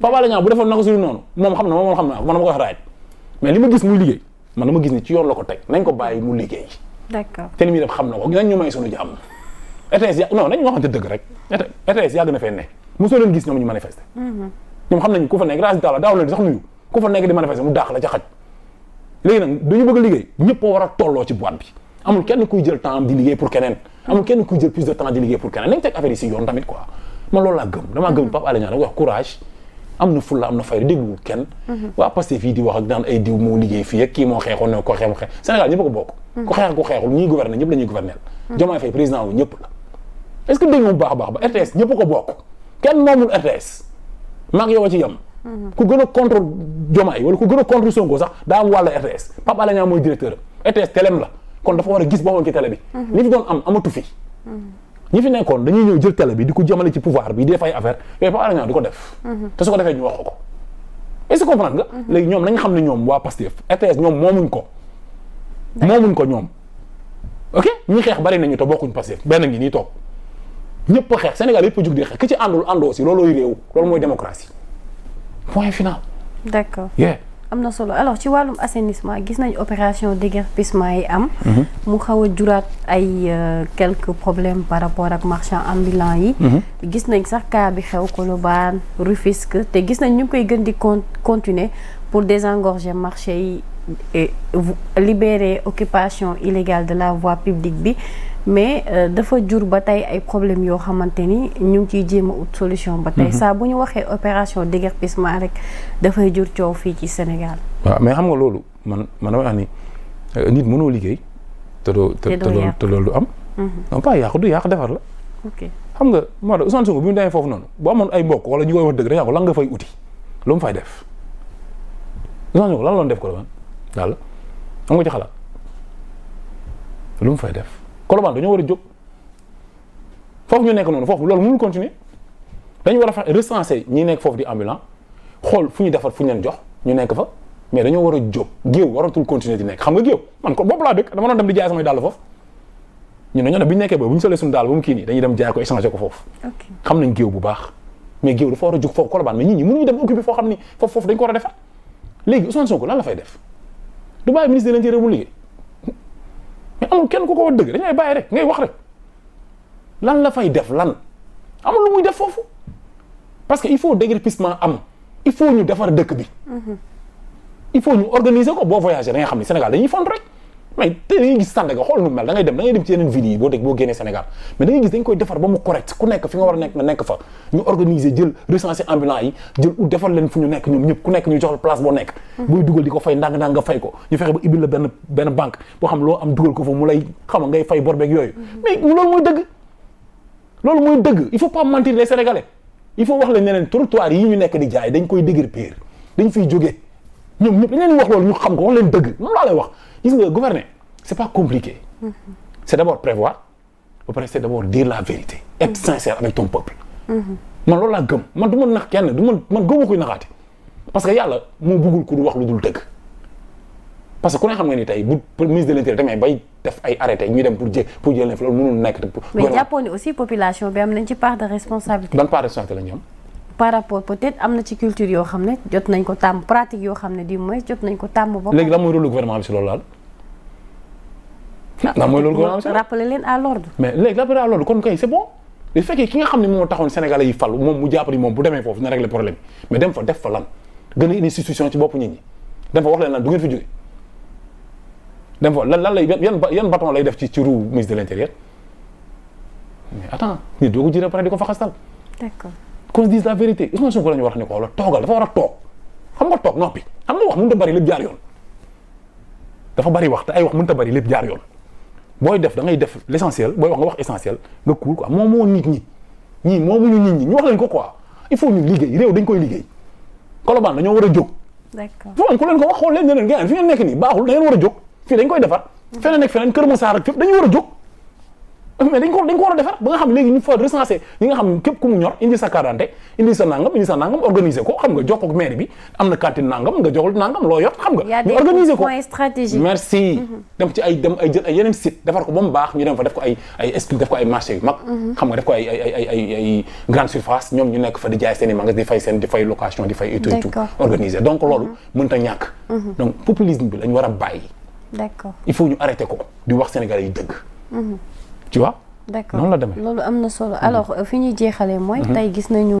Pape Alé Niang bu defoon naka suñu noonu moom xam na moom xam na man ma ko wax raaj mais li ma gis muy liggéey man dama gis ni ci yoon la ko teg nañ ko bàyyi mu liggéey. d'accord te li muy def xam na ko nañ ñu may suñu jàmm. ETS ya non nañ waxante dëgg rek ETS yàgg na fee ne mosoo leen gis ñoom ñu manifester. Mm-hmm. ñoom xam nañ ku fa nekk grâce à la daaw leen sax nuyu ku fa nekk di manifester mu daax la ca xaj léegi nag dañu bëgg a liggéey ñëpp a war a tolloo ci boîte bi amul kenn kuy jël temps di liggéey pour keneen amul kenn kuy jël plus de temps di liggéey pour keneen nañ teg affaire yi si yoon tamit quoi man loolu laa gëm damaa gëm Pape Alé Niang wax courage am na fulla am na fayda dégluwul kenn mhm. waa parce fii di wax ak daan ay diw moo liggéey fii ak kii moo xeexoon ne ko xeexu xeex ñëpp a ko bokk mhm. ku xeex ku xeexul ñuy gouverner ñëpp la ñuy gouverner mhm. Diomaye Faye président wu ñëpp a baax ko bokk kenn moomul RTS maa a ku gën a contre Diomaye ku gën a contre sax daa am wàll RTS Pape Alé mooy directeur RTS télém la kon dafa war a gis boppam ci télé bi li fi doon am amatu fi ñi fi nekkoon dañuy ñëw jël télé bi di ko jëmale ci pouvoir bi di def ay affaire yooyu Pape Alé Niang di ko def mhm. te su ko defee ñu wax ko est-ce que nga mhm. ñoom nañ xam ne ñoom waa Pastef RTS ñoom moomuñ ko moomuñ ko ñoom ok ñi xeex bari nañu te bokkuñ Pastef benn ngi nii toog ñëpp a xeex Sénégal yëpp a jug di xeex ki ci àndul àndoo si loolooy réew loolu mooy démocratie point final d'accord yeah am na solo alors ci wàllum assainissement gis nañ opération déguerpissement yi am. Mhm. mu xaw a juraat ay euh, quelque problème par rapport ak marchand ambulant yi. Mhm. gis nañ sax cas bi xew Colobane Rufisque te gis nañ ñu koy gën di con continuer pour désengorger marché yi et occupation illégale de la voie publique bi. mais euh, dafa jur ba tey ay problèmes yoo xamante ni ñu ngi ciy jéem a ut solution ba tey mhm. saa bu ñu waxee opération déguerpissement rek dafay jur coow fii ci Sénégal waaw mais xam nga loolu man man damay wax ni euh, nit mënoo liggéey te doo te te loolu du am mhm. non pas yàq defar la xam nga moo tax Ousmane Sonko noonu bu amoon ay mbokk wala ñu koy wax dëgg dañaa ko lan nga fay uti lu mu fay def Ousmane lan loon def ko la man daal am nga ci xalaat lu mu fay def Colobane dañoo war a jóg foofu ñu nekk noonu foofu loolu mënul continuer dañu war a fexe recenser ñi nekk foofu di ambulant xool fu ñu defar fu ñu leen jox ñu nekk fa mais dañoo war a jóg géew waratul continuer di nekk xam nga géew man ko bopp laa dëkk dama doon dem di jaay samay dàll foofu ñun dañoo ne suñu dàll ba kii nii dañuy dem jaay ko échanger ko foofu xam nañ géew bu baax mais géew dafa war a jóg foofu Colobane mais nit ñi mënuñu dem occupé foo xam ni foofu foofu dañ ko war a defar léegi Ousmane Sonko lan la fay def du bàyyi ministre de l'Intérieur mu liggéey mais amul kenn ku ko war dëgg dañ lay bàyyi rek ngay wax rek lan la fay def lan amul lu muy def foofu parce que il faut déguerpissement am il faut ñu defar dëkk bi mhm. il faut ñu organiser ko bo voyager da nga xam ne Sénégal dañuy font rek mais tey da ngay gis Sandaga dem da dem ci yeneen ville yi boo dégg boo génnee Sénégal mais da gis dañ koy defar ba mu correct ku nekk fi nga war a nekk na nekk fa ñu organiser jël recenser ambulant yi jël u defar leen fu ñu nekk ñoom ñëpp ku nekk ñu jox la place boo nekk booy dugal di ko fay ndànk-ndànk nga fay ko ñu fexe ba ibil la benn benn banque boo xam loo am dugal ko fa mu lay xam ngay fay bor yooyu mais loolu mooy dëgg loolu mooy dëgg il faut pas mentir wax leen ne yi ñu nekk di jaay dañ koy dégër pire dañ fiy jógee ñoom ñëpp dañ leen xam ko wax leen dëgg loolu laa lay wax gis nga gouverner c'est pas compliqué. c'est d'abord prévoir ba pare c'est d'abord dire la vérité. être sincère avec ton peuple. man loolu gëm man du ma nax kenn du ma man gëmu koy naxaate parce que yàlla moo bëggul ku du wax lu dul dëgg parce que ku ne xam nga ni tey bu ministre de l'intérieur demee bay def ay arrêté ñuy dem pour jël leen fi loolu mënul nekk. mais jàppoon ni aussi population bi am nañ ci part de responsabilité. ban part de responsabilité la ñu am. par rapport peut-être am na ci culture yoo xam ne jot nañ ko tàmm pratique yoo xam ne du moins jot nañ ko tàmm ba. léegi lan mooy loolu laal. Ah, lan mooy loolu leen à l'ordre mais léegi rappeler à l'ordre ki nga xam ne moo taxoon Sénégalais yi fal moom mu jàpp moom bu demee foofu na régler problème mais dem fa def fa lan gën a indi institution ci bopp nit ñi lan lan lan lay yan yan bâton lay def ci ci roue ministre de l'intérieur mais attends nit doo ko jëlee ba pare di ko fa xastal qu'on se dise la vérité Ousmane Sonko la ñu wax ne ko la toogal dafa war a toog xam nga toog noppi xam nga wax mënut a bari lépp jaar yoon dafa bari wax te ay wax mënut a bari lépp jaar yoon booy def da ngay def l'essentiel booy wax nga wax essentiel nga kuul quoi moom moo nit ñi ñii moomuñu nit ñi ñu wax leen ko quoi il faut ñu liggéey réew dañ koy liggéey Colobane dañoo a jóg. d'accord foofu ku leen ko wax xool leen ne leen ngeen fi war a jóg fii dañ koy defar. Mm-hmm. feneen ak feneen Kër Massar ak fépp dañu war a jóg mais dañ ko war a defar ba nga xam léegi ñu fa recensé ñi nga xam képp ku ñor indi sa carte indi sa nangam indi sa nangam organiser ko xam nga jox ko maire bi am na cantine nangam nga joxul nangam loo yor xam nga ñu organiser mm-hmm. ko ba mu baax ñu dem fa mm-hmm. ñu nekk fa di i magas di fay seen di fay location di fay et tout et mm-hmm. a bàyyi d'accord il di wax sénégalais yi dëgg tu vois. d'accord loolu la demee loolu am na solo alors fi ñuy jeexalee mooy. Mhm. tey gis nañu.